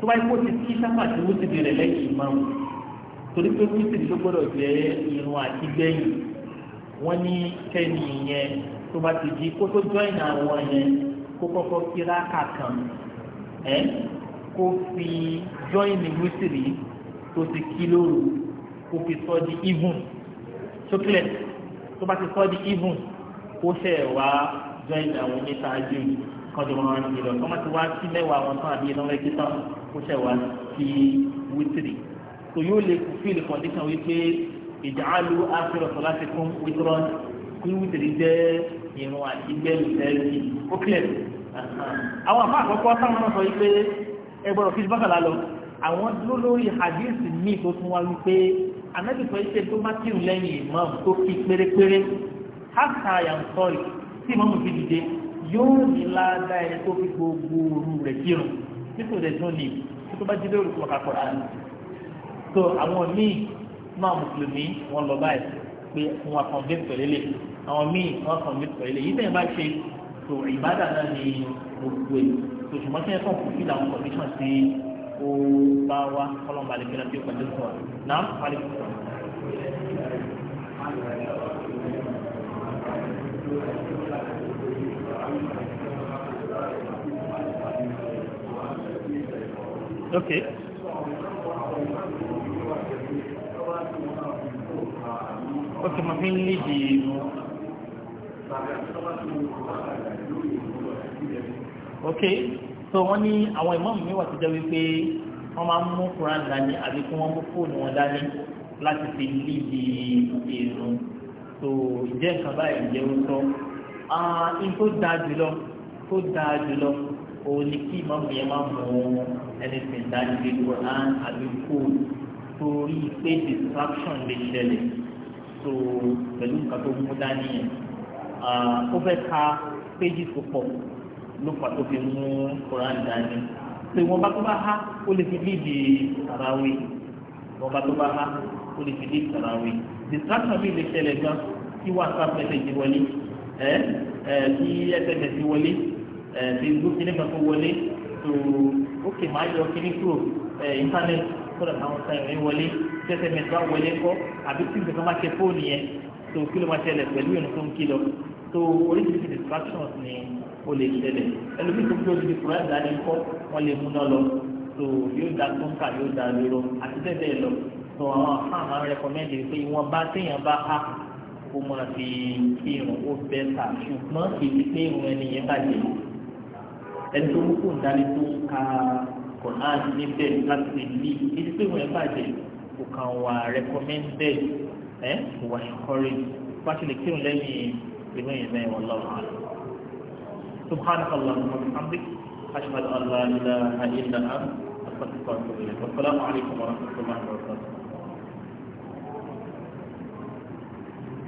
Speaker 1: tó bá yẹ kó ti kí sáfà tí ti di lẹ́yìn imam torí pé wítìrì ló gbọ́dọ̀ jẹ́ irun àti gbẹ̀yìn wọ́n ní kẹ́ni yẹn tó bá ti di kó tó jọ́ìn àwọn yẹn kó kọ́kọ́ kíra kàkàn ẹ́ kó fi jọ́ìn wítìrì tó ti kí lóru kó fi sọ di even chocolate tó bá ti sọ di even kó ṣe wá jọ́ìn àwọn oníṣáájú kọjọ wọn wọn ti lọ kọ́mọ́tì wá sí mẹ́wàá wọn tán àbí ìdánwò ẹ̀kí tán kó ṣe wá sí wítìrì so yóò lè fulfill condition wípé ìjàálù áfírí ọ̀sán láti fún wítrọ́ kí wítìrì jẹ́ irun àti gbẹ́lú tẹ́lẹ̀ ó clear àwọn àfa àkọ́kọ́ táwọn náà sọ wípé ẹ gbọ́dọ̀ fi bákàlá lọ àwọn dúró lórí hadith míì tó tún wá wípé anábì sọ wípé tó bá kírun lẹ́yìn imam tó kí pérépéré hasa yansori tí imam fi dìde yóò ní láàdá ẹni tó fi gbogbo òru rẹ̀ kírun nítorí ẹ̀dùn ni tó bá jí lórí kọ̀ọ̀kọ̀ àná so àwọn míì náà mùsùlùmí wọn lọ báyìí pé wọn convince pẹ̀lú ilé àwọn míì wọn convince pẹ̀lú ilé yìí tẹ̀yìn bá ṣe so ìbádà náà ni gbogbo ẹ̀ so ṣùgbọ́n tí ẹ kàn kò fi làwọn condition sí ó bá wá kọ́lọ́n balẹ̀ kí ló ti pẹ̀lú sọ náà wálé kí sọ. Okay.
Speaker 2: ó ti mọ̀ fi ń lídì
Speaker 1: ok so wọ́n ní àwọn ìmọ̀mù mi wà tó jẹ́ wípé wọ́n máa ń mú Kùránì dání àbí kí wọ́n mú fóònù wọn dání láti fi lídì èrò so ìjẹ́ nǹkan báyìí jẹ́ ó sọ in tó dáa jùlọ tó dáa jùlọ òun ni kí ìmọ̀mù yẹn máa mú ẹni sìn dání bí Kùránì àbí fóònù torí pé distraction lè ṣẹlẹ̀ so pẹ̀lú nǹkan tó mú dání yẹn ó fẹ́ ka pages tó pọ̀ ló fà tó fi mú koran dání so ìwọ̀n bá tó bá há ó lè fi líìdì sàràwé ìwọ̀n bá tó bá há ó lè fi líìdì sàràwé distraction mi lè ṣẹlẹ̀ gan kí whatsapp message wọlé ẹ ẹ kí sms wọlé ẹ facebook nígbà tó wọlé so ó kì máa yọ kíní kúrò ẹ internet kó dàtà àwọn sáyẹn wọlé tẹ́tẹ́ mẹ́ta wọlé kọ́ àbí tí nǹkan máa ṣe fóònù yẹn tó kí ló máa ṣẹlẹ̀ pẹ̀lú ìrìn tó ń kí tó oríṣiríṣi distractions ni ó lè ṣẹlẹ̀ ẹlòmíì tó gbé olùdí kúrẹ́ ìdáni kọ́ wọ́n lè mú náà lọ tó yóò da tó ń kà yóò da lóró àti bẹ́ẹ̀ lọ tó àwọn afáà máa ń rẹkọmẹ́ndì pé ìwọ̀n bá téèyàn bá há kó máa fi kírun ó bẹ́ ta ṣùgbọ́n kì í pé ìrun ẹni yẹn bàjẹ́ ẹni tó mú kó ń dání tó ń ka kọ̀ọ̀án níbẹ̀ láti lè ní ìdí pé ìrun ẹ bàjẹ́ kò kàn wà recommended ẹ kò wà encouraged bá ti lè kírun lẹ́yìn ìwé yẹn bẹ́ẹ̀ wọ́n lọ́wọ́ àná. سبحانك اللهم وبحمدك أشهد أن لا إله إلا أنت أستغفرك
Speaker 2: وأتوب إليك والسلام عليكم ورحمة الله وبركاته